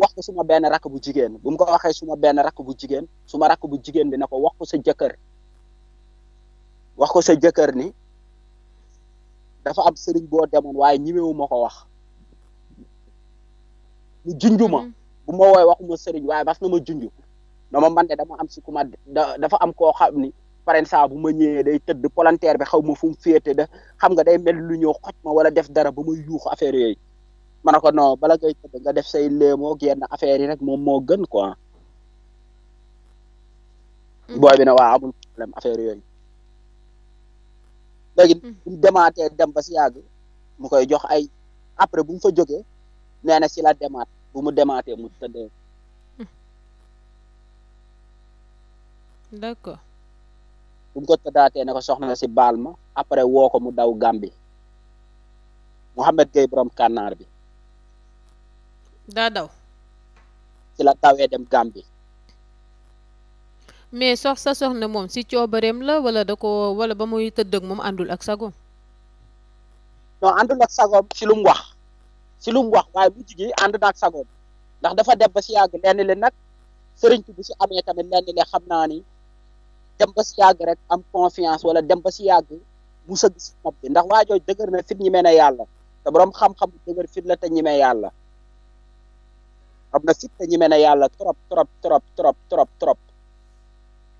wax ko suma benn rakk bu jigéen bu ko waxee suma benn rakk bu jigéen suma rakk bu jigéen bi na ko wax ko sa jëkkër wax ko sa jëkkër ni dafa am sëriñ boo demoon waaye ñimewu ma ko wax mu junjuma mm-hmm. bu ma wooy waxuma sëriñ waaye mas na ma junj na ma man de dama am dafa am koo xam ni par exemple bu ma ñëwee day tëdd polanteer bi xaw ma fum mu féete da xam nga day mel lu ñëw xoj ma wala def dara ba ma yuuxu affaire yooyu ma ne ko non bala ngay tëdd nga def say léemoo yenn affaire yi rek moom moo gën quoi mm-hmm. booy bi na waa amul problème affaire yooyu léegi hmm. bu ñu demaatee dem ba si yàgg mu koy jox ay après bu mu fa jógee nee ci si la demaat bu mu demaatee mu tëddee. Hmm. d'accord. bu mu ko tëddaatee ne ko soxna si baal ma après woo ko mu daw Gàmbi Mouhamed Gueye borom kànnaar bi. daa daw. si la tawee dem Gàmbi. mais sox sa soxna moom si coobareem la wala da ko wala ba muy tëdd ak moom àndul ak sagoom non àndul ak si lu mu wax si lu mu wax waaye mujj gi ànd na ak sagoom ndax dafa dem ba si yàgg lenn li nag sëriñ bi si amee tamit lenn li xam naa ni dem ba si yàgg rek am confiance wala dem ba si yàgg bu sëgg si ndax waa jooju dëgër na fit ñi mel yàlla te borom xam-xam dëgër fit la te ñi mel yàlla na yàlla trop trop trop trop trop trop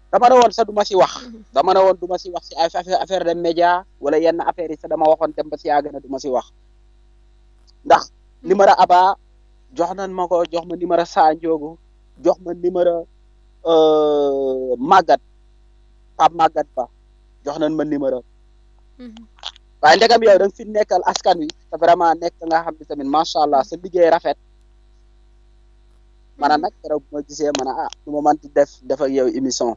dama ne woon sax du ma si wax dama ne woon du ma si wax si affaire de média wala yenn affaire yi sax dama waxoon dem ba si yàgg na du ma si wax ndax numéro Aba jox nan ma ko jox ma numéro Sa Ndiogou jox ma numéro euh, Maguette Pape Maguette Ba jox nan ma numéro mhm. waaye ndegam yow da nga fi nekkal askan wi te vraiment nekk nga xam ne tamit macha allah sa liggéey rafet. Mhm. maanaam nag keroog bu ma gisee man a ah, lu ma mën def defa ak yow émission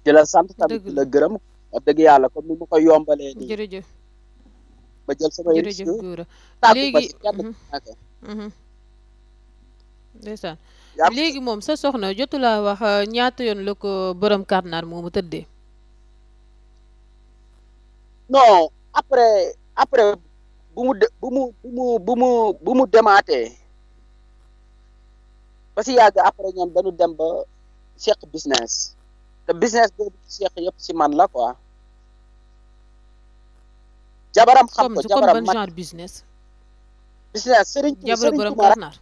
di la sant tamit la gërëm wax dëgg yàlla comme ni ma ko yombalee nii jërëjëf ba jël sama risque léegi mhm. Mhm. ndeysaan léegi moom sa soxna jotu wax euh, ñaata yoon la ko bërëm karnaar moomu tëddee non après après bu mu de bu mu bu mu bu mu demaatee ba si yàgg après ñoom dañu dem ba seq business te business boobu Cheikh yëpp ci man la quoi. jabaram xam ko jabaram man genre business. business Serigne Touba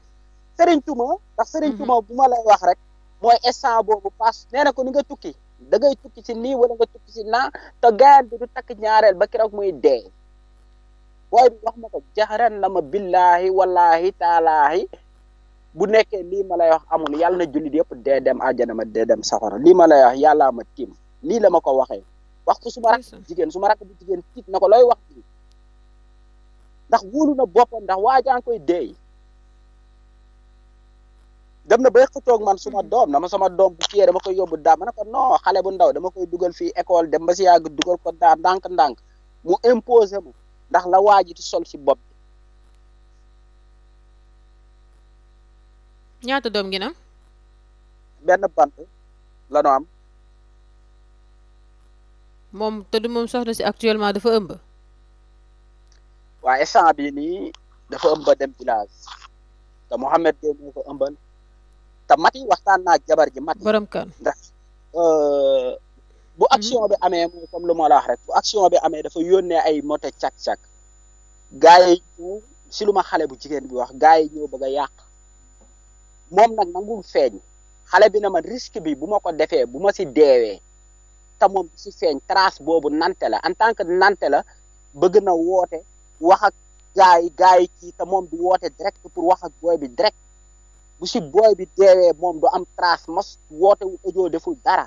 Serigne mhm. Touba bu ma lay wax rek mooy instant boobu pass nee ko ni nga tukki da ngay tukki ci nii wala nga tukki ci naa te gaañ bi du takk ñaareel ba keroog muy dee. booy bi wax ma ko jaxaran na ma billaahi wallaahi taalaahi. bu nekkee lii ma lay wax amul yàlla na jullit yëpp dee dem àjjana ma dee dem safara lii ma lay wax yàllaa ma tiim lii la ma ko waxee wax ko suma ma rakk bu jigéen su ma rakk bu jigéen tiit na ko looy wax ci ndax wóolu na boppam ndax waajaa ngi koy deey dem na bay xëccoog man suma mm-hmm. doom dama sama doom bu kiyee dama koy yóbbu daa ma ne ko non xale bu ndaw dama koy dugal fii école dem ba si yàgg dugal ko daa ndànk-ndànk mu imposé ma ndax la waaji di sol si bopp ñaata doom ngeen am. benn bant la ñu am. moom te du moom soxna si actuellement dafa ëmb. waaye instant bi nii dafa ëmba dem village te Mouhamed Gueye moo ko ëmbal te Mati waxtaan naa jabar ji Mati. borom kan ndax euh, bu mhm. action bi amee mooy comme lu ma la wax rek bu action bi amee dafa yónnee ay moto càq-càq. gaa yi ñëw si lu xale bu jigéen bi wax gaa yi ñëw bëgg a yàq. moom nag nangul feeñ xale bi na ma risque bi bu ma ko defee bu ma si deewee te moom si feeñ trace boobu nante la en tant que nante la bëgg na woote wax ak gars yi gars yi kii te moom woote direct pour wax ak booy bi direct bu si booy bi deewee moom du am trace ma woote wu audio deful dara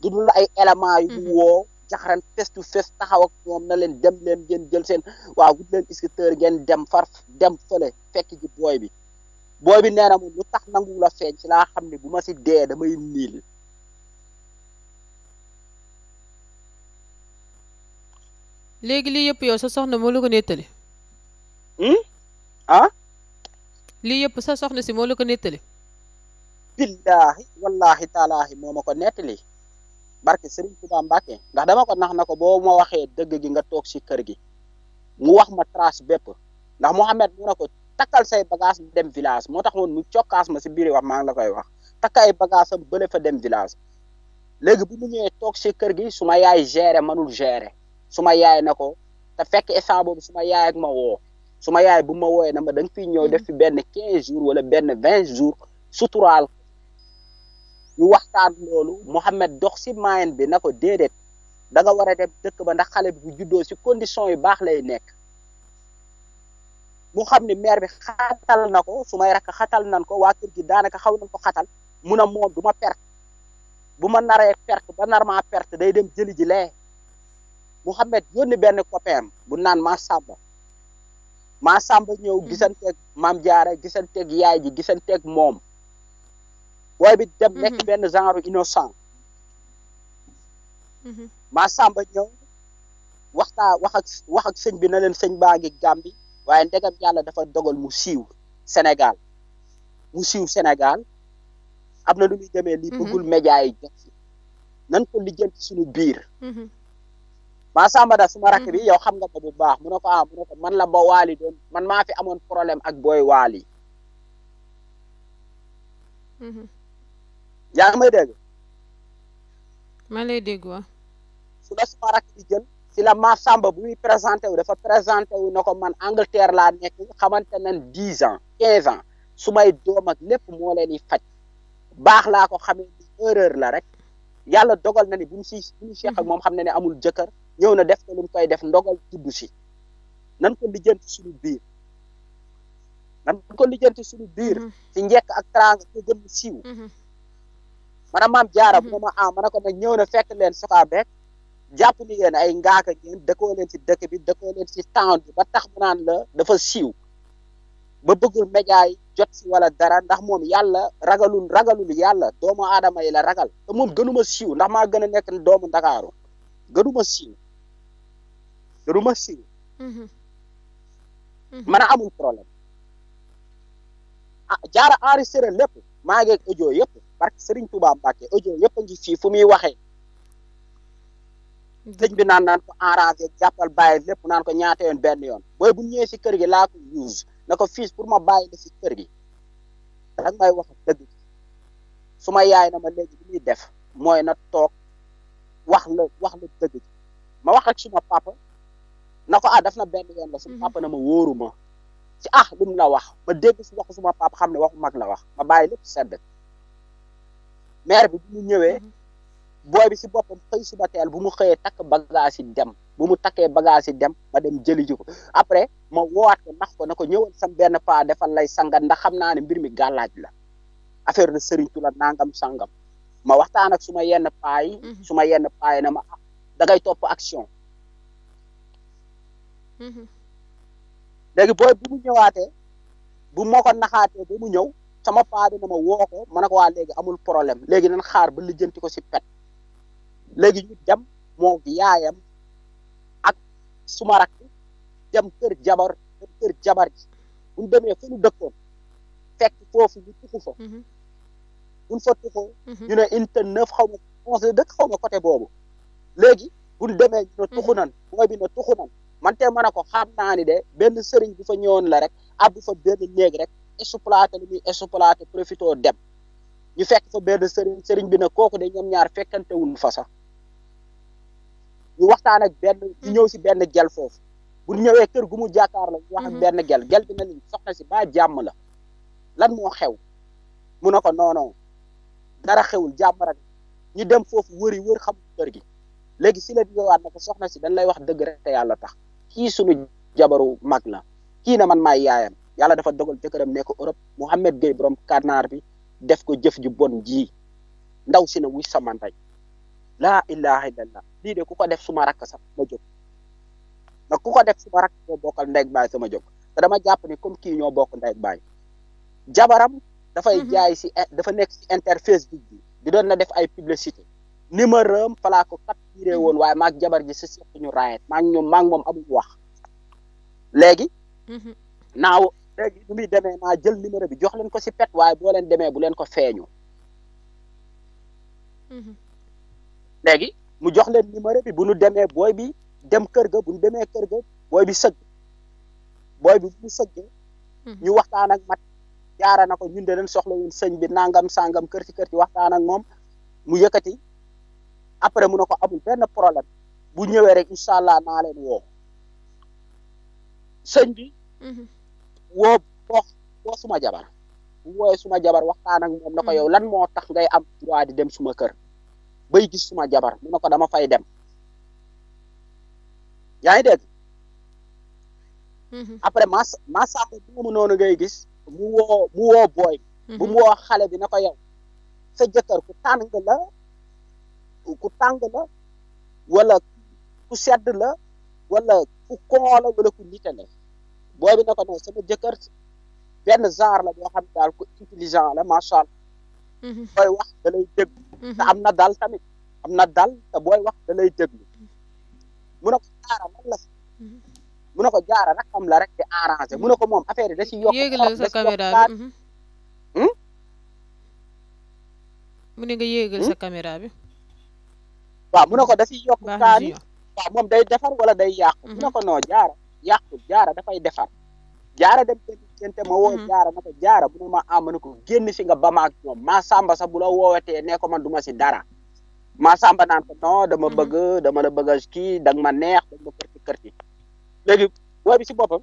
du la ay éléments yu mu mhm. woo jaxaran face to face taxaw ak ñoom na leen dem leen ngeen jël seen waaw wut leen inspecteur ngeen dem far dem fële fekk ji booy bi booy bi nee moom lu tax nangu la feeñ ci laa xam ne bu ma si dee damay niil léegi lii yëpp yow sa soxna moo la ko nettali hmm? ah lii yëpp sa soxna si moo la ko nettali billaahi wallaahi taalaahi moo ma ko nettali barke sëriñ Tuubaa Mbàkke ndax dama ko nax na ko boo ma waxee dëgg gi nga toog ci kër gi mu wax ma trace bépp ndax Mouhamed mu ne ko takkal say bagage dem village moo tax woon mu cokkaas ma si biir wax maa nga la koy wax takk ay bagage am bële fa dem village léegi bu mu ñëwee toog si kër gi su ma yaay gérer manul gérer su ma yaay na ko te fekk instant boobu su ma yaay ak ma woo su ma yaay bu ma wooyee na ma da nga ñëw hmm. def fi benn quinze jours wala benn vingt jours suturaal ñu waxtaan loolu Mouhamed dox si maayen bi na ko déedéet da nga war a dem dëkk ba ndax xale bi bu juddoo si condition yu baax lay nekk mu xam ne maire bi xatal na ko su may rakk xatal nan ko waa kër gi daanaka xaw nañ ko xatal mun a moom du ma perte bu ma naree perte ba nar maa perte day dem jëli ji lee Mouhamed yónni benn copain bu naan maa sàmba maa sàmba ñëw hmm. gisanteeg maam jaara gisanteeg yaay ji gisanteeg moom booy bi dem nekk hmm. benn genre innocent hmm. maa sàmba ñëw waxtaa wax ak wax sëñ bi na leen sëñ baa ngi Gàmbi waaye ndegam yàlla dafa dogal mu siiw Sénégal mu siiw Sénégal am na lu muy demee li mhm. bëggul média yi jot si nan ko lijjanti suñu biir mhm. Massamba da suma rakk bi mhm. yow xam nga ko bu baax mu ne ko ah, maa fi amoon problème ak booy waali yaa ngi may dégg ma lay dégg wa su la suma rakk bi jël si la Massamba bu muy présenté wu dafa présenté wu na ko man Angleterre la nekk xamante nañ dix ans quinze ans su may doom ak lépp moo leen di faj baax laa ko xamee ni erreur la rek yàlla dogal na ni bu ñu si bu ñu seex ak moom xam na ne amul jëkkër ñëw na def ko lu mu koy def ndogal tudd si nan ko lijjanti suñu biir nan ko lijjanti suñu biir mm-hmm. si njekk ak trang ko gën siiw mana mm-hmm. maam jaara mm-hmm. bu ma ah ma ne ko nag ñëw na fekk leen sokaa beek jàpp ni yéen ay ngaaka ngeen dëkkoo leen ci dëkk bi dëkkoo leen ci bi ba tax mu naan la dafa siiw ba bëggul média jot si wala dara ndax moom yàlla ragalul ragalul yàlla doomu aadama yi la ragal te moom gënuma siiw ndax ma gën a nekk doomu ndakaaru gënuma siiw gënuma siiw mm-hmm. Mm-hmm. man a amul problème ah jaara enregistré lépp maa ngeeg audio yëpp parce que Serigne Touba Mbacke audio yëpp a ngi fii fu muy waxee sëñ bi naan naan ko enragé jàppal bàyyi lépp naan ko ñaata yoon benn yoon booy bu ñëwee si kër gi laa ko use na ko fiis pour ma bàyyi la si kër gi danga may wax dëgg su ma na ma léegi li muy mooy na toog wax la wax la dëgg ma wax ak suma papa na ko ah daf na benn yoon la suma mhm. papa na ma wóoru ma si ah li la wax ma dégg si waxu suma papa xam ne waxu mag la wax ma bàyyi lépp sedd maire bi bu ñu ñëwee mhm. booy bi si boppam xëy suba teel bu mu xëyee takk bagage yi dem bu mu takkee bagage yi dem ba dem jëli ji après ma woowaat ko nax ko na ko ñëwal sam benn paa defal lay sangat ndax xam naa ne mbir mi gàllaaj la affaire de sëriñ tu la nangam sangam ma waxtaan ak su mhm. ma yenn su ma yenn paa na ma da ngay topp action mhm. léegi bu mu ko naxaatee ba ñëw sama paa dina ma woo ma ne ko waa léegi amul problème léegi nan xaar ba lijjanti ko si pet léegi ñu dem moo yaayam ak suma rakk dem kër jabar dem kër jabar ji buñ demee fu ñu dëkkoon fekk foofu ñu tuxu fa mhm. buñ fa tuxoo mhm. ñu ne inte neuf xaw ma onze dëkk xaw ma côté boobu léegi buñ demee ñu ne mhm. tuxu nan mooy bi ne tuxu nan man te mën a ko xam naa ni de benn sëriñ bi fa ñëwoon la rek ab bu fa benn néeg rek exploité lu muy exploité profito dem ñu fekk fa benn sëriñ sëriñ bi ne kooku de ñoom ñaar fekkantewuñ fa sax ñu waxtaan ak benn hmm. ñëw si benn gel foofu bu ñëwee kër gu mu jàkkaar la ñu wax ak hmm. benn gel gel bi na leen soxna si ba jàmm la lan moo xew mu ne ko non non dara xewul jàmm rek ñu dem foofu wëri wër xamul kër gi léegi si la ñëwaat na ko soxna si dañ lay wax dëgg rek te yàlla tax kii suñu jabaru mag la kii na man maay yaayam yàlla dafa dogal jëkkëram nekk Europe Mouhamed Gueye borom kànnaar bi def ko jëf ju bon ji ndaw si na wuy samantay laa ilaha illallah lii de ku ko def suma rakk sax ma jóg ndax ku ko def suma rakk boo bokkal ndey ak sama jóg te dama jàpp ni comme kii ñoo bokk ndey ak jabaram dafay mhm. jaay si dafa nekk si interface bi di doon na def ay publicité numéro am falaa ko capturé mhm. woon waaye maag jabar ji si seq ñu raayet maag ñoom maag moom amuñu wax léegi mhm. naaw léegi nu muy demee naa jël numéro bi jox leen ko si pet waaye boo leen demee bu leen ko feeñu léegi mu jox leen numéro bi bu nu demee booy bi dem kër ga bu nu demee kër ga booy bi sëgg booy bi bu ñu sëggee hmm. ñu waxtaan ak mat jaara na ko ñun de leen soxla woon sëñ bi nangam sangam kër ci kër ci waxtaan ak moom mu yëkkati après mu ne ko amul benn problème bu ñëwee rek incha allah naa leen woo sëñ bi. Hmm. woo boo woo suma jabar bu suma jabar waxtaan ak moom na ko hmm. yow lan moo tax ngay am droit di dem suma kër. bay gis suma jabar mu ne ko dama fay dem yaa ngi dégg mm-hmm. après ma ma sàmb moomu noonu ngay gis mu woo mu woo booy bu mu mm-hmm. woo xale bi na ko yow sa jëkkër ku tàng la ku tàng la wala ku sedd la wala ku koo la wala ku nite la booy bi na ko non sama jëkkër benn genre la boo xam ne ku intelligent la macha allah. Mm-hmm. booy wax da lay dégg te am na dal tamit am na dal te booy wax da lay déglu mu ne ko jaara lan la si mm-hmm. mu ne ko jaara rek am la rek mu ne ko moom affaire yi da si yokk yéegal sa caméra bi mm-hmm. hmm? mu ne nga yéegal sa hmm? caméra bi waaw mu ne ko da ciy yokk kaani waaw moom day defar wala day yàqu mu ne mm-hmm. ko noo jaara yàqu jaara dafay defar jaara dem benn gerte ma woo mhm. jaara na ko jaara bu ne ma ah ma ne ko génn si nga ba ma ak maa samba sax bu la woowatee ne ko man duma si dara maa samba naan ko non dama mhm. bëgg dama la bëgg a kii da nga ma neex da nga ma kërti kërti léegi booy bi si boppam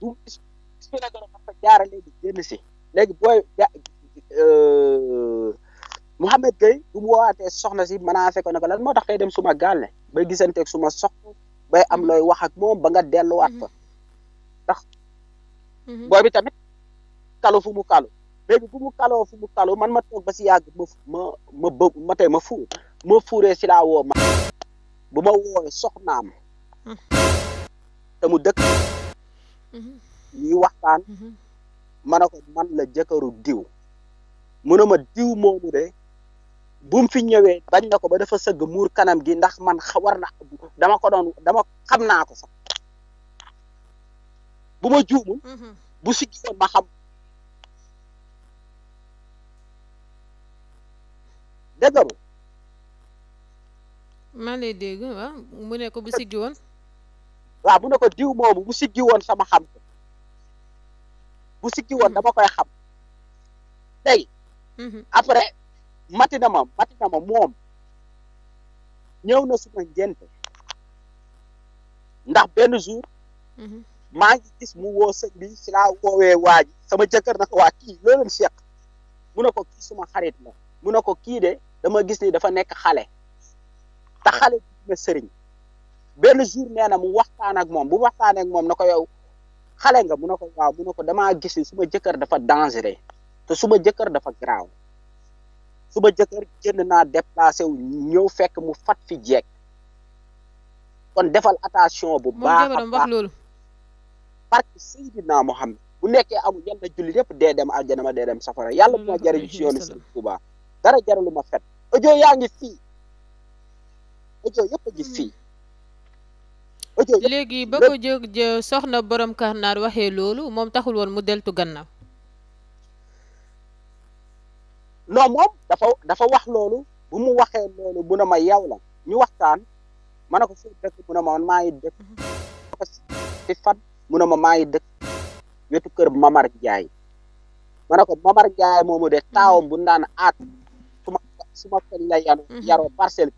du si na dara léegi génn si léegi booy euh, Mouhamed Gueye bu soxna si menacé ko ne ko la moo tax kay dem suma gaal ne bay gisanteeg suma soxna bay am mhm. looy wax ak moom ba nga delluwaat fa ndax mhm. booy tamit kalu fu mu kalu léegi bu mu kaloo fu mu kalu man ma toog ba si yàgg ma ma ma bë ma tey ma fuur ma fuuree si laa woo ma bu ma woowee soxnaam mhm. te mu dëkk mhm. ñuy waxtaan ma ne ko man la jëkkëru diw mu ne ma diw moomu de bu mu fi ñëwee bañ na ko ba dafa sëgg muur kanam gi ndax man war na dama ko doon dama xam naa ko bu ma juumul mm-hmm. bu si gisoon ma xam dégg nga maa lay dégg waaw mu ne ko bu siggi woon waaw mu ne ko diw moomu bu siggi woon sama xam ko bu siggi woon mm-hmm. dama koy xam tey mm-hmm. après mati na ma mati na ma moom ñëw na suma ngénte ndax benn jour maa ngi gis mu woo sëñ bi si laa woowee waa sama jëkkër na ko waa kii loolu lañ seq mu ne ko kii suma xarit la mu ne ko kii de dama gis ni dafa nekk xale te xale sëriñ benn jour nee na mu waxtaan ak moom bu waxtaan moom na ko yow xale nga mu ne ko waaw mu ne ko damaa gis ni suma jëkkër dafa dangereux te suma jëkkër dafa garaaw suma jëkkër jënd naa déplacé wu ñëw fekk mu fat fi jeeg kon defal attention bu baax a baax barke xam Mohamed bu nekkee amul yan na jullit yëpp dee dem aljana ma dee dem safara yàlla bu ma jariñ si yoonu Sëriñ Tuuba dara jaralu ma fet audio yaa ngi fi audio yëpp a ngi fii audio léegi ba ko jóg soxna borom karnaar waxee loolu moom taxul woon mu deltu gannaaw non moom dafa dafa wax loolu bu mu waxee loolu bu ne ma yow la ñu waxtaan ma ne ko fii dëkk bu ne ma maa ngi dëkk ci mhm. fan mu ne ma maa ngi dëkk wetu kër Mamar jaay ma ne ko Mamar Ndiaye moomu de taawam bu daan aat su ma su ma ko mhm. yaroo parcelle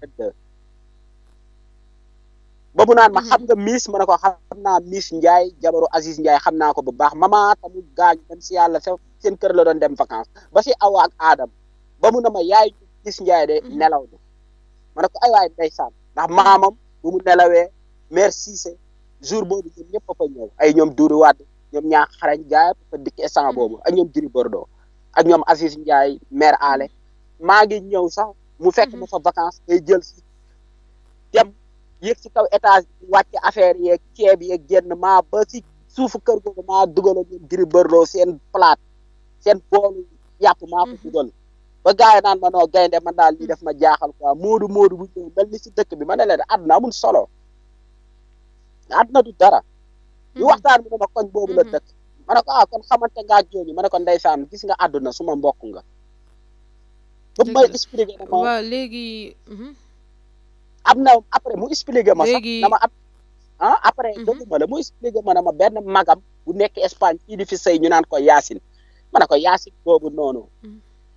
ba mu naan ma mhm. xam nga Miss ma ne ko xam naa Miss Ndiaye jabaru Aziz Ndiaye xam naa ko bu baax mama tamu gaañ dem si yàlla seen kër la doon dem vacances ba si Awa ak Adam ba mu na ma yaay Miss Ndiaye de mhm. nelaw na ma ne ko ay waay ndax maamam bu mu nelawee mère Cissé jour boobu ñoom ñëpp a fa ñëw ay ñoom Doudou ñoom ñaa xarañ gaay fa dikk instant mm. boobu ak ñoom Gris Bordeaux ak ñoom Aziz Ndiaye maire ale maa ngi ñëw sax mu fekk mm-hmm. ma fa vacances day jël si dem yëg si kaw étage bi wàcc affaire yeeg ceeb yeeg génn maa ba si suufu kër googu maa dugaloon ñoom Gris seen plate seen boolu yàpp maa ko mm-hmm. dugal ba gars naan ma noo gaynde man daal lii def ma jaaxal quoi moodu moodu bu ñëw mel ni si dëkk bi ma ne leen àdduna amul solo àdduna du dara ñu hmm. waxtaan mu ne ma koñ boobu la hmm. dëkk ma ne ko ah kon xamante ngaa jooju ma ne ko ndeysaan gis nga àdduna su ma mbokk nga ba may expliqué na ma léegi hmm. am na après mu expliqué ma sax dama ab ah après doguma la mu expliqué ma ne ma benn magam bu nekk Espagne fii di fi sëy ñu naan ko Yacine ma ne ko Yacine boobu noonu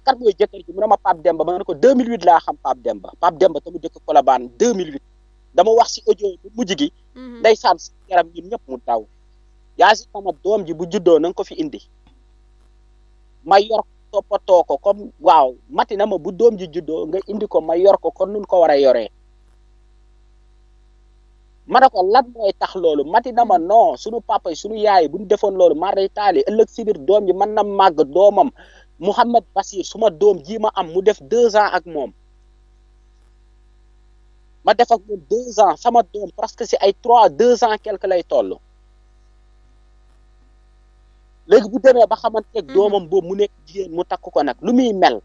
kat mooy jëkkër ji mu ne ma Pape Demba ma ne ko 2008 laa xam Pape Demba Pape Demba tamu dëkk Colobane 2008 dama wax si audio bu mujj gi. Mhm. ndeysaan si yaram ñun ñëpp mu daw. yaa si sama doom ji bu juddoo na ko fi indi. ma yor toppatoo ko comme waaw mati na ma bu doom ji juddoo nga indi ko ma yor ko kon nun ko war a yoree. ma ne ko lan mooy tax loolu mati na ma non sunu papa sunu yaay bu ñu defoon loolu mar day taali ëllëg si doom ji mën na màgg doomam Mouhamed Bassir suma doom ji ma am mu def deux ans ak moom. ma def ak moom deux ans sama doom parce que si ay trois deux ans quelque lay toll léegi bu demee ba xamante ne doomam boobu mu nekk jigéen mu takk ko nag lu muy mel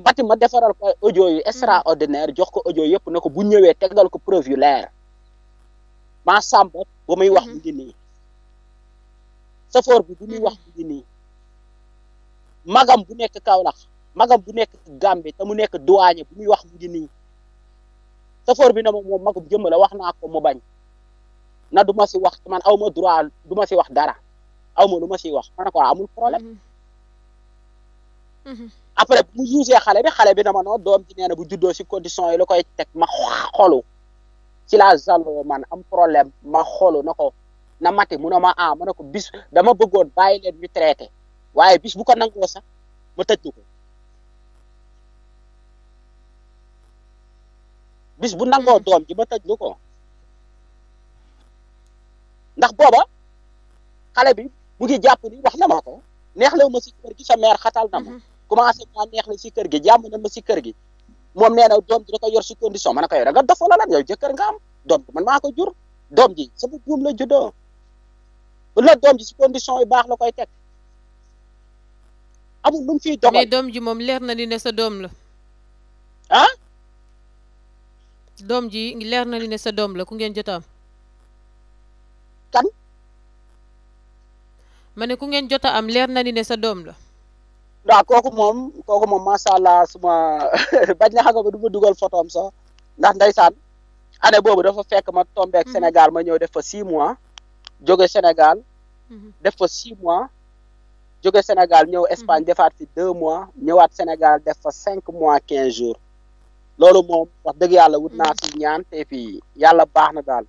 mbati ma defaral ko ay audio yu extraordinaire jox ko audio yëpp ne ko bu ñëwee tegal ko preuve yu leer maa sàmba ba muy wax mu ngi nii safoor bi bu muy wax mu ngi nii magam bu nekk Kaolack magam bu nekk Gambie te mu nekk douanier bu muy wax mu ngi nii safoor bi na ma moom magum jëmmal la wax naa ko mu bañ na du ma si wax man aw ma droit du ma si wax dara aw ma lu ma siy wax ma ne ko ah, amul problème mm-hmm. après bu mu jugee xale bi xale bi na ma noo doom ji nee na bu juddoo si condition yi la koy teg ma xolu ci laa jàlloo man am problème ma xolu na ko na mati mu na ma ah ma ne ko bis dama bëggoon bàyyi leen mi traité waaye bis bu ko nangoo sax ma tëj ko. bis bu nangoo mm-hmm. doom ji ma tëj lu ko ndax booba xale bi mu ngi jàpp ni wax na ma ko neexlew ma si kër gi sa mère xatal na ma mm-hmm. commencé ma neexle si kër gi jàmm na ma si kër gi moom nee na doom ji da ko yor si condition ma ne ko yow da nga dofoo la lan yow jëkkër nga am doom ji man maa ko jur doom ji sama buum la juddoo bu la doom si condition yu baax la koy teg amul lu mu fiy doom ji moom leer na ni ne sa doom la ah doom ji leer na li ne sa doom la ku ngeen jot a am. kan. ma ne ku ngeen jot am leer na li ne sa doom la. ndax kooku moom kooku moom macha allah suma [LAUGHS] bañ na xam duma dugal photo am sax ndax ndeysaan année boobu dafa fekk ma tombeek mhm. Sénégal ma ñëw def fa six mois jóge Sénégal. Mhm. def fa six mois. jóge Sénégal ñëw Espagne mhm. defaat fi deux mois ñëwaat Sénégal def fa cinq mois quinze jours. loolu moom wax dëgg yàlla wut naa si mm. ñaan te fii yàlla baax na daal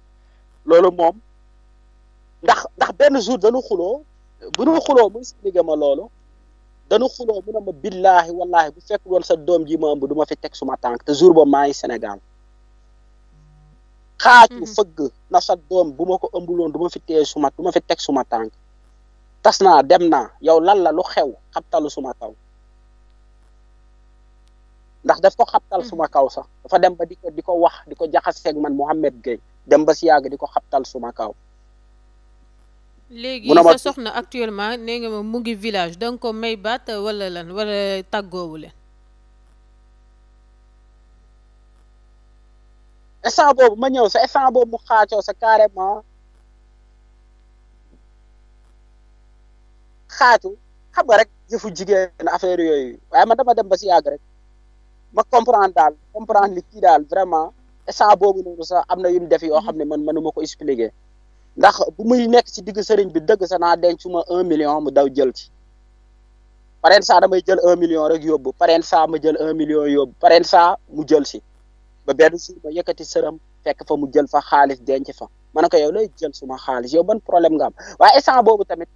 loolu moom ndax ndax benn jour dañu xuloo bu ñu xuloo mu expliqué ma loolu dañu xuloo mu ne ma billaahi wallaahi bu fekk woon sa doom ji ma ëmb duma fi teg suma tànk te maa ngi Sénégal xaaju mm. fëgg na sa bu ma ko ëmbuloon du ma fi tee suma du ma fi teg suma tànk tas naa dem naa yow lan la lu xew xabtalu suma taw ndax daf ko xabtal mm. suma kaw sax dafa dem ba di ko di ko wax di ko jaxas jaxaseeg man Mouhamed Gueye dem ba si yàgg di ko xabtal suma kaw. léegi sa soxna actuellement nee nga ma mu ngi village danga ko may baat wala lan wala tàggoowu leen. instant boobu ma ñëw sa instant boobu mu xaacoo sa carrément xaatu xam rek jëfu jigéen affaire yooyu waaye man dama dem ba si yàgg rek. ma comprendre daal comprendre ni kii daal vraiment instant boobu noonu sax am na yu mu def yoo xam ne man mënuma ko expliquer ndax bu muy nekk ci digg sëriñ bi dëgg sa naa denc ma un million mu daw jël ci pareen saa damay jël un million rek yóbbu pareen saa ma jël un million yóbbu pareen saa mu jël si ba benn jour ma yëkkati sëram fekk fa mu jël fa xaalis denc fa ma ne ko yow lay jël suma xaalis yow ban problème nga am waaye instant boobu tamit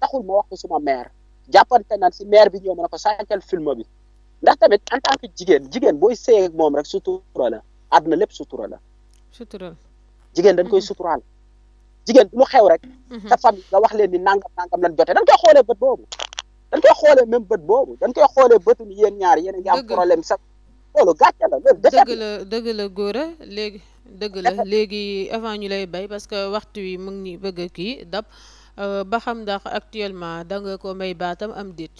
taxul ma wax suma mère jàppante na si mère bi ñëw ma ne ko sàncal film ndax tamit en tant jigéen jigéen booy sëy moom rek sutura la àdduna lépp sutura la. sutura jigéen dañ koy mm-hmm. suturaal. jigéen lu xew rek. Mm-hmm. sa famille nga wax leen ni nangam nangam lan jotee dañ koy xoolee bët boobu. dañ koy xoolee même bët boobu dañ koy xoolee bëtu ni yéen ñaar yéen a ngi am problème sax loolu gàcce la loolu. dëgg la dëgg la góora léegi. dëgg la léegi avant ñu lay bay parce que waxtu wi mu ngi bëgg kii dab euh, ba xam ndax actuellement da nga ko may baatam am déet.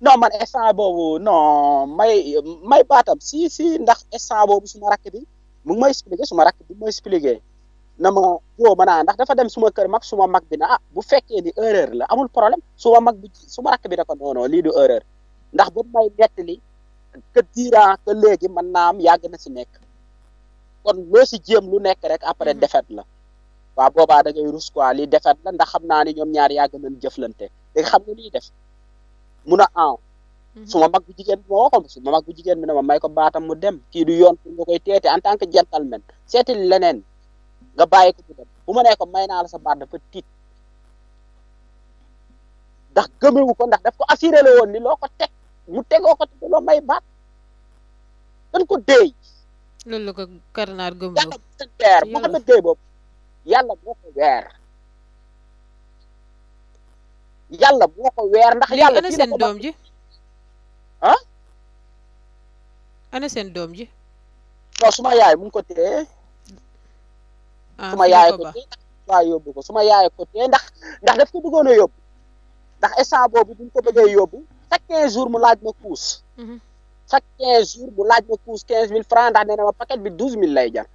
non man instant boobu non may may baatam si si ndax instant boobu suma rakk bi mu ngi may expliqué suma rakk bi may expliqué na ma woo naa ah, ndax dafa dem suma kër mag suma mag bi na ah bu fekkee ni erreur la amul problème suma mag bi suma rakk bi na ko non non lii du erreur ndax bu may nettali que diiran que léegi man naa am yàgg na si nekk kon loo si jéem lu nekk rek après mhm. defet la waaw boobaa da ngay rus quoi lii défaite la ndax xam naa ni ñoom ñaar yàgg nañ jëflante te xam nga liy def mun a aaw. Mhm. su ma mag bu jigéen bi ma waxoon su ma mag bu jigéen bi ne ma may ko baatam mu dem kii du yoon pour nga koy teete en tant que gentleman seeti leneen nga bàyyi ko bu ma ko may naa la sa baat dafa tiit ndax ko ndax daf ko assuré la woon ni loo ko teg mu tegoo ko te loo may baat dañ ko déey. loolu la ko karnaar gëmloo yàlla bu ko weer boo boobu yàlla ko weer. yàlla boo ko weer ndax yàlla ana seen doom ji ah ana seen doom ji non suma yaay mu ngi ko téye ah, suma yaay ko téye waaw yóbbu ko suma yaay ko téye ndax ndax daf ko bëggoon a yóbbu ndax instant boobu bu ñu ko bëggee yóbbu chaque quinze jours mu laaj ma kuus mhm. chaque quinze jours mu laaj ma kuus quinze mille francs ndax nee ma paquet bi douze mille lay jar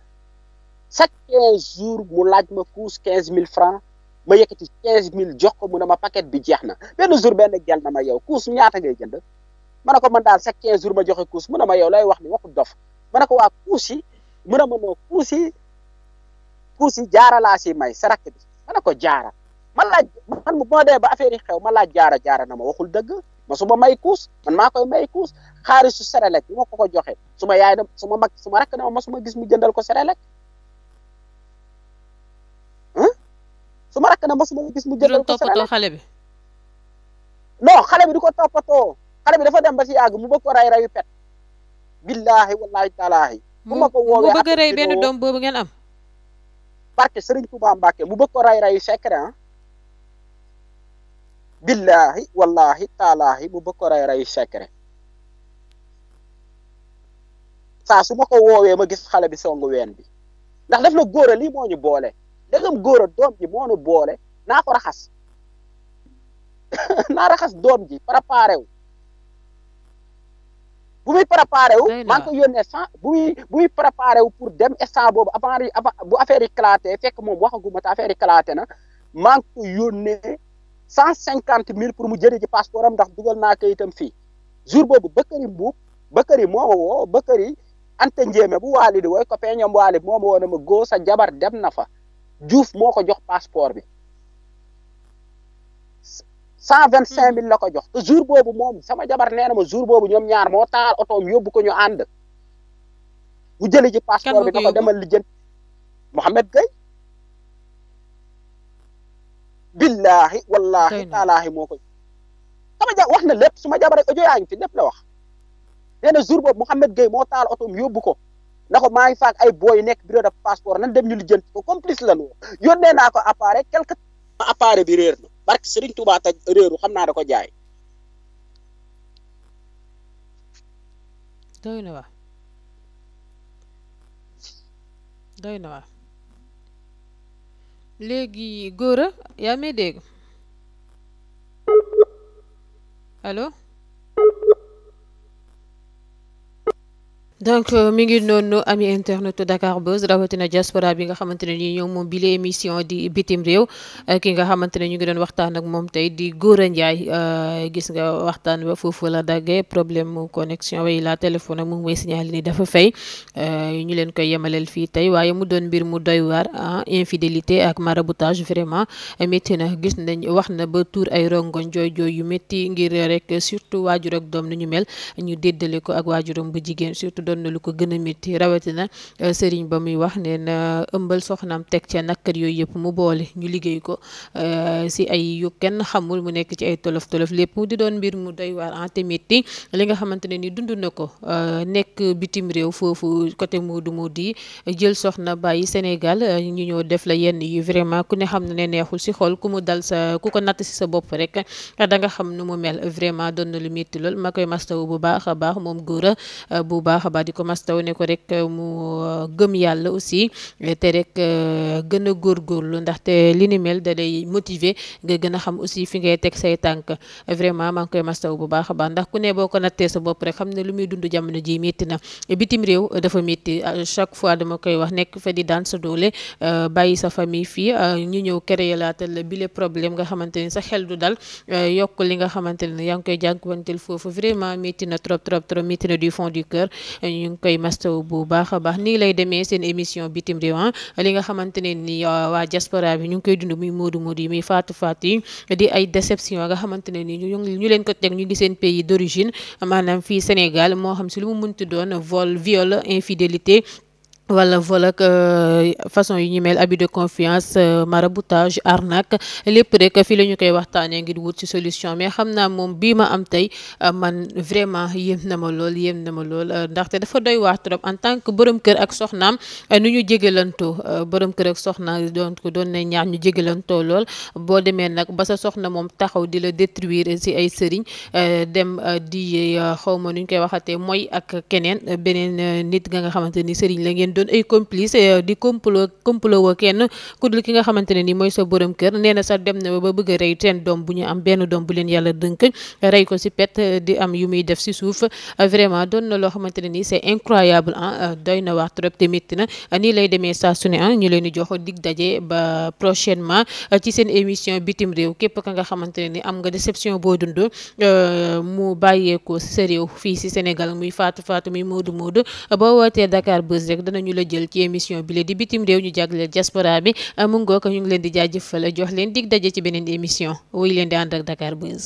chaque quinze jours mu laaj ma kuus quinze mille francs ma yëkkati quinze mille jox ko mu ne ma paquet bi jeex na benn jour benn jël na ma yow kuus ñaata ngay jënd ma ne ko man daal chaque quinze jours ma joxe kuus mu ne ma yow lay wax ni waxu dof mana ko waa kuus yi mu ne ma noo kuus yi kuus jaara laa si may sa rakk bi ma ne ko jaara man laaj man bu ma dee ba affaire yi xew ma laaj jaara jaara na ma waxul dëgg ma su ma may kuus man maa koy may kuus xaalisu serelek bi ma ko ko joxe su ma yaay na su ma mag su ma rakk na ma ma su ma gis mu jëndal ko serelek su ma rakk na ma su ma gis mu jëndal ko toppatoo xale bi non xale bi di ko toppatoo xale bi dafa dem ba ci yàgg mu bëgg ko ray rayu pet billaahi wallaahi taalaahi bu ma ko woowee mu bëgg a rey benn doom boobu ngeen am barke Sëriñ Tuubaa Mbàkke mu bëgg ko ray rayu secret ah. billaahi wallaahi taalaahi mu bëgg ko ray rayu secret saa su ma ko woowee ma gis xale bi songu ween bi ndax daf la góor a lii moo ñu boole dëggam góor a doom ji moo nu boole naa ko raxas [LAUGHS] naa raxas doom ji préparé wu bu muy préparé wu maa ngi ko yónnee sans bu muy bu wu pour dem instant boobu avant bu affaire yi claté fekk moom waxaguma te affaire yi claté na maa ngi ko yónnee cent cinquante mille pour mu jëri ci passeport am ndax dugal naa kayitam fii jour boobu Bakary Mbuub Bakary mooma woo Bakary ante Njéeme bu waali di wooy copain ñoom waali mooma woo na ma góo sa jabar dem na fa Diouf moo ko jox passeport bi cent vingt cinq mille la ko jox te jour boobu moom sama jabar nee na ma jour boobu ñoom ñaar moo taal otoom yóbbu ko ñu ànd bu jëli ji passeport bi na ko demal li jël Mouhamed Gueye billaahi wallaahi taalaahi moo ko sama ja wax na lépp su ma jabar ak audio fi lépp la wax nee na jour boobu Mouhamed Gueye moo taal otoom yóbbu ko ndax ko maa ngi faak ay booy nekk bureau de passeport nan dem ñu jën ko complice la ñu yónnee naa ko appareil quelque temps appareil bi réer na barke Serigne Touba taj réeru xam naa da ko jaay. doy na wa doy léegi góora yaa may dégg allo. donc euh, mi ngi noonu ami internet Dakar Buzz rawatina diaspora bi nga xamante ne nii ñoom moom bi la émission di bitim réew euh, ki nga xamante ne ñu ngi doon waxtaan ak moom tey di Gora Ndiaye euh, gis nga waxtaan ba foofu la daggee problème mu connexion way la téléphone mu ngi may signalé ni dafa fay ñu leen koy yemaleel fii tey waaye mu doon mbir mu doy waar ah, infidélité ak maraboutage vraiment métti na gis nañ wax na ba tuur ay rongoñ jooy jooy yu métti ngir rek surtout waajur ak doom ñu mel ñu déddale ko ak waajuram bu jigéen surtout doon na lu ko gën a métti rawatina euh, sëriñ ba muy na ëmbal soxnaam teg yooyu yëpp mu boole ñu liggéey ko euh, si ay yu kenn xamul mu nekk ci ay tolof tolof lépp di doon mbir mu doy waar ah, en métti li nga xamante ne ni dund na ko euh, nekk bitim réew foofu côté Moodu Moodu yi jël soxna bàyyi Sénégal ñu ñëw def la yenn yi vraiment ku ne xam ne neexul si xol ku mu dal sa ku ko natt si sa bopp rek da nga xam nu mu mel vraiment doon lu métti lool ma koy mastaw bu baax a baax moom góora bu baax baax di ko mastaw ne ko rek euh, mu euh, gëm yàlla aussi te rek euh, gën a góorgóorlu ndaxte li ni mel da lay motiver nga gën a xam aussi fi ngay teg say tànk vraiment maa ngi koy mastaw bu baax a baax ndax ku ne boo ko nattee sa bopp rek xam ne lu muy dund jamono ji métti na bitim réew dafa métti chaque fois dama koy wax nekk fa di daan sa doole bàyyi sa famille fii ñu ñëw créer laatal bile problème nga xamante ni sa xel du dal yokk li nga xamante ne yaa ngi koy jànkuwanteel foofu vraiment métti na trop trop trop ñu ngi koy mastaw bu baax a baax nii lay demee seen émission bitim réew ah. li nga xamante ne ni ah, waa diaspora bi ñu ngi koy dund muy moodu moodu yi muy faatu faatu yi di ay déception nga xamante ne ni ñu ñu leen ko teg ñu ngi seen pays d'origine maanaam fii Sénégal moo xam si lu mu munti doon vol viol infidélité wala vol ak euh, façon yi ñu mel abus de confiance euh, maraboutage arnaque lépp rek fii la ñu koy waxtaanee ngir wut ci solution mais xam naa moom bii ma am tey euh, man vraiment yéem na ma lool yéem na ma lool ndaxte dafa doy wax trop en tant que borom kër ak soxnaam nu ñu jégalantoo borom kër ak soxnaam doon ko doon nañ ñaar ñu jégalantoo lool boo demee nag ba sa soxna moom taxaw di la détruire ci ay sëriñ dem di xaw ma nu ñu koy waxatee mooy ak keneen beneen nit nga nga xamante ni sëriñ la ngeen. leen doon ay complice eh, di complot complot woo kenn ku ki nga xamante ne ni mooy sa borom kër nee na sax dem na ba bëgg a rey seen doom bu ñu am benn doom bu leen yàlla dënk rey ko si pet eh, di am yu muy def si suuf eh, vraiment doon na loo xamante ne ni c'est incroyable ah doy na wax trop te métti na nii lay demee saa su ne ah ñu leen di jox dig daje ba prochainement ci seen émission bitim réew képp ka nga xamante ne ni am nga déception boo dund mu bàyyeekoo sa réew fii si ñu la jël ci émission bi la di bitim réew ñu jagleel diaspora bi mu ngoo ko ñu ngi leen di jaajëfal jox leen dig daje ci beneen émission woy leen di ànd ak Dakar Buzz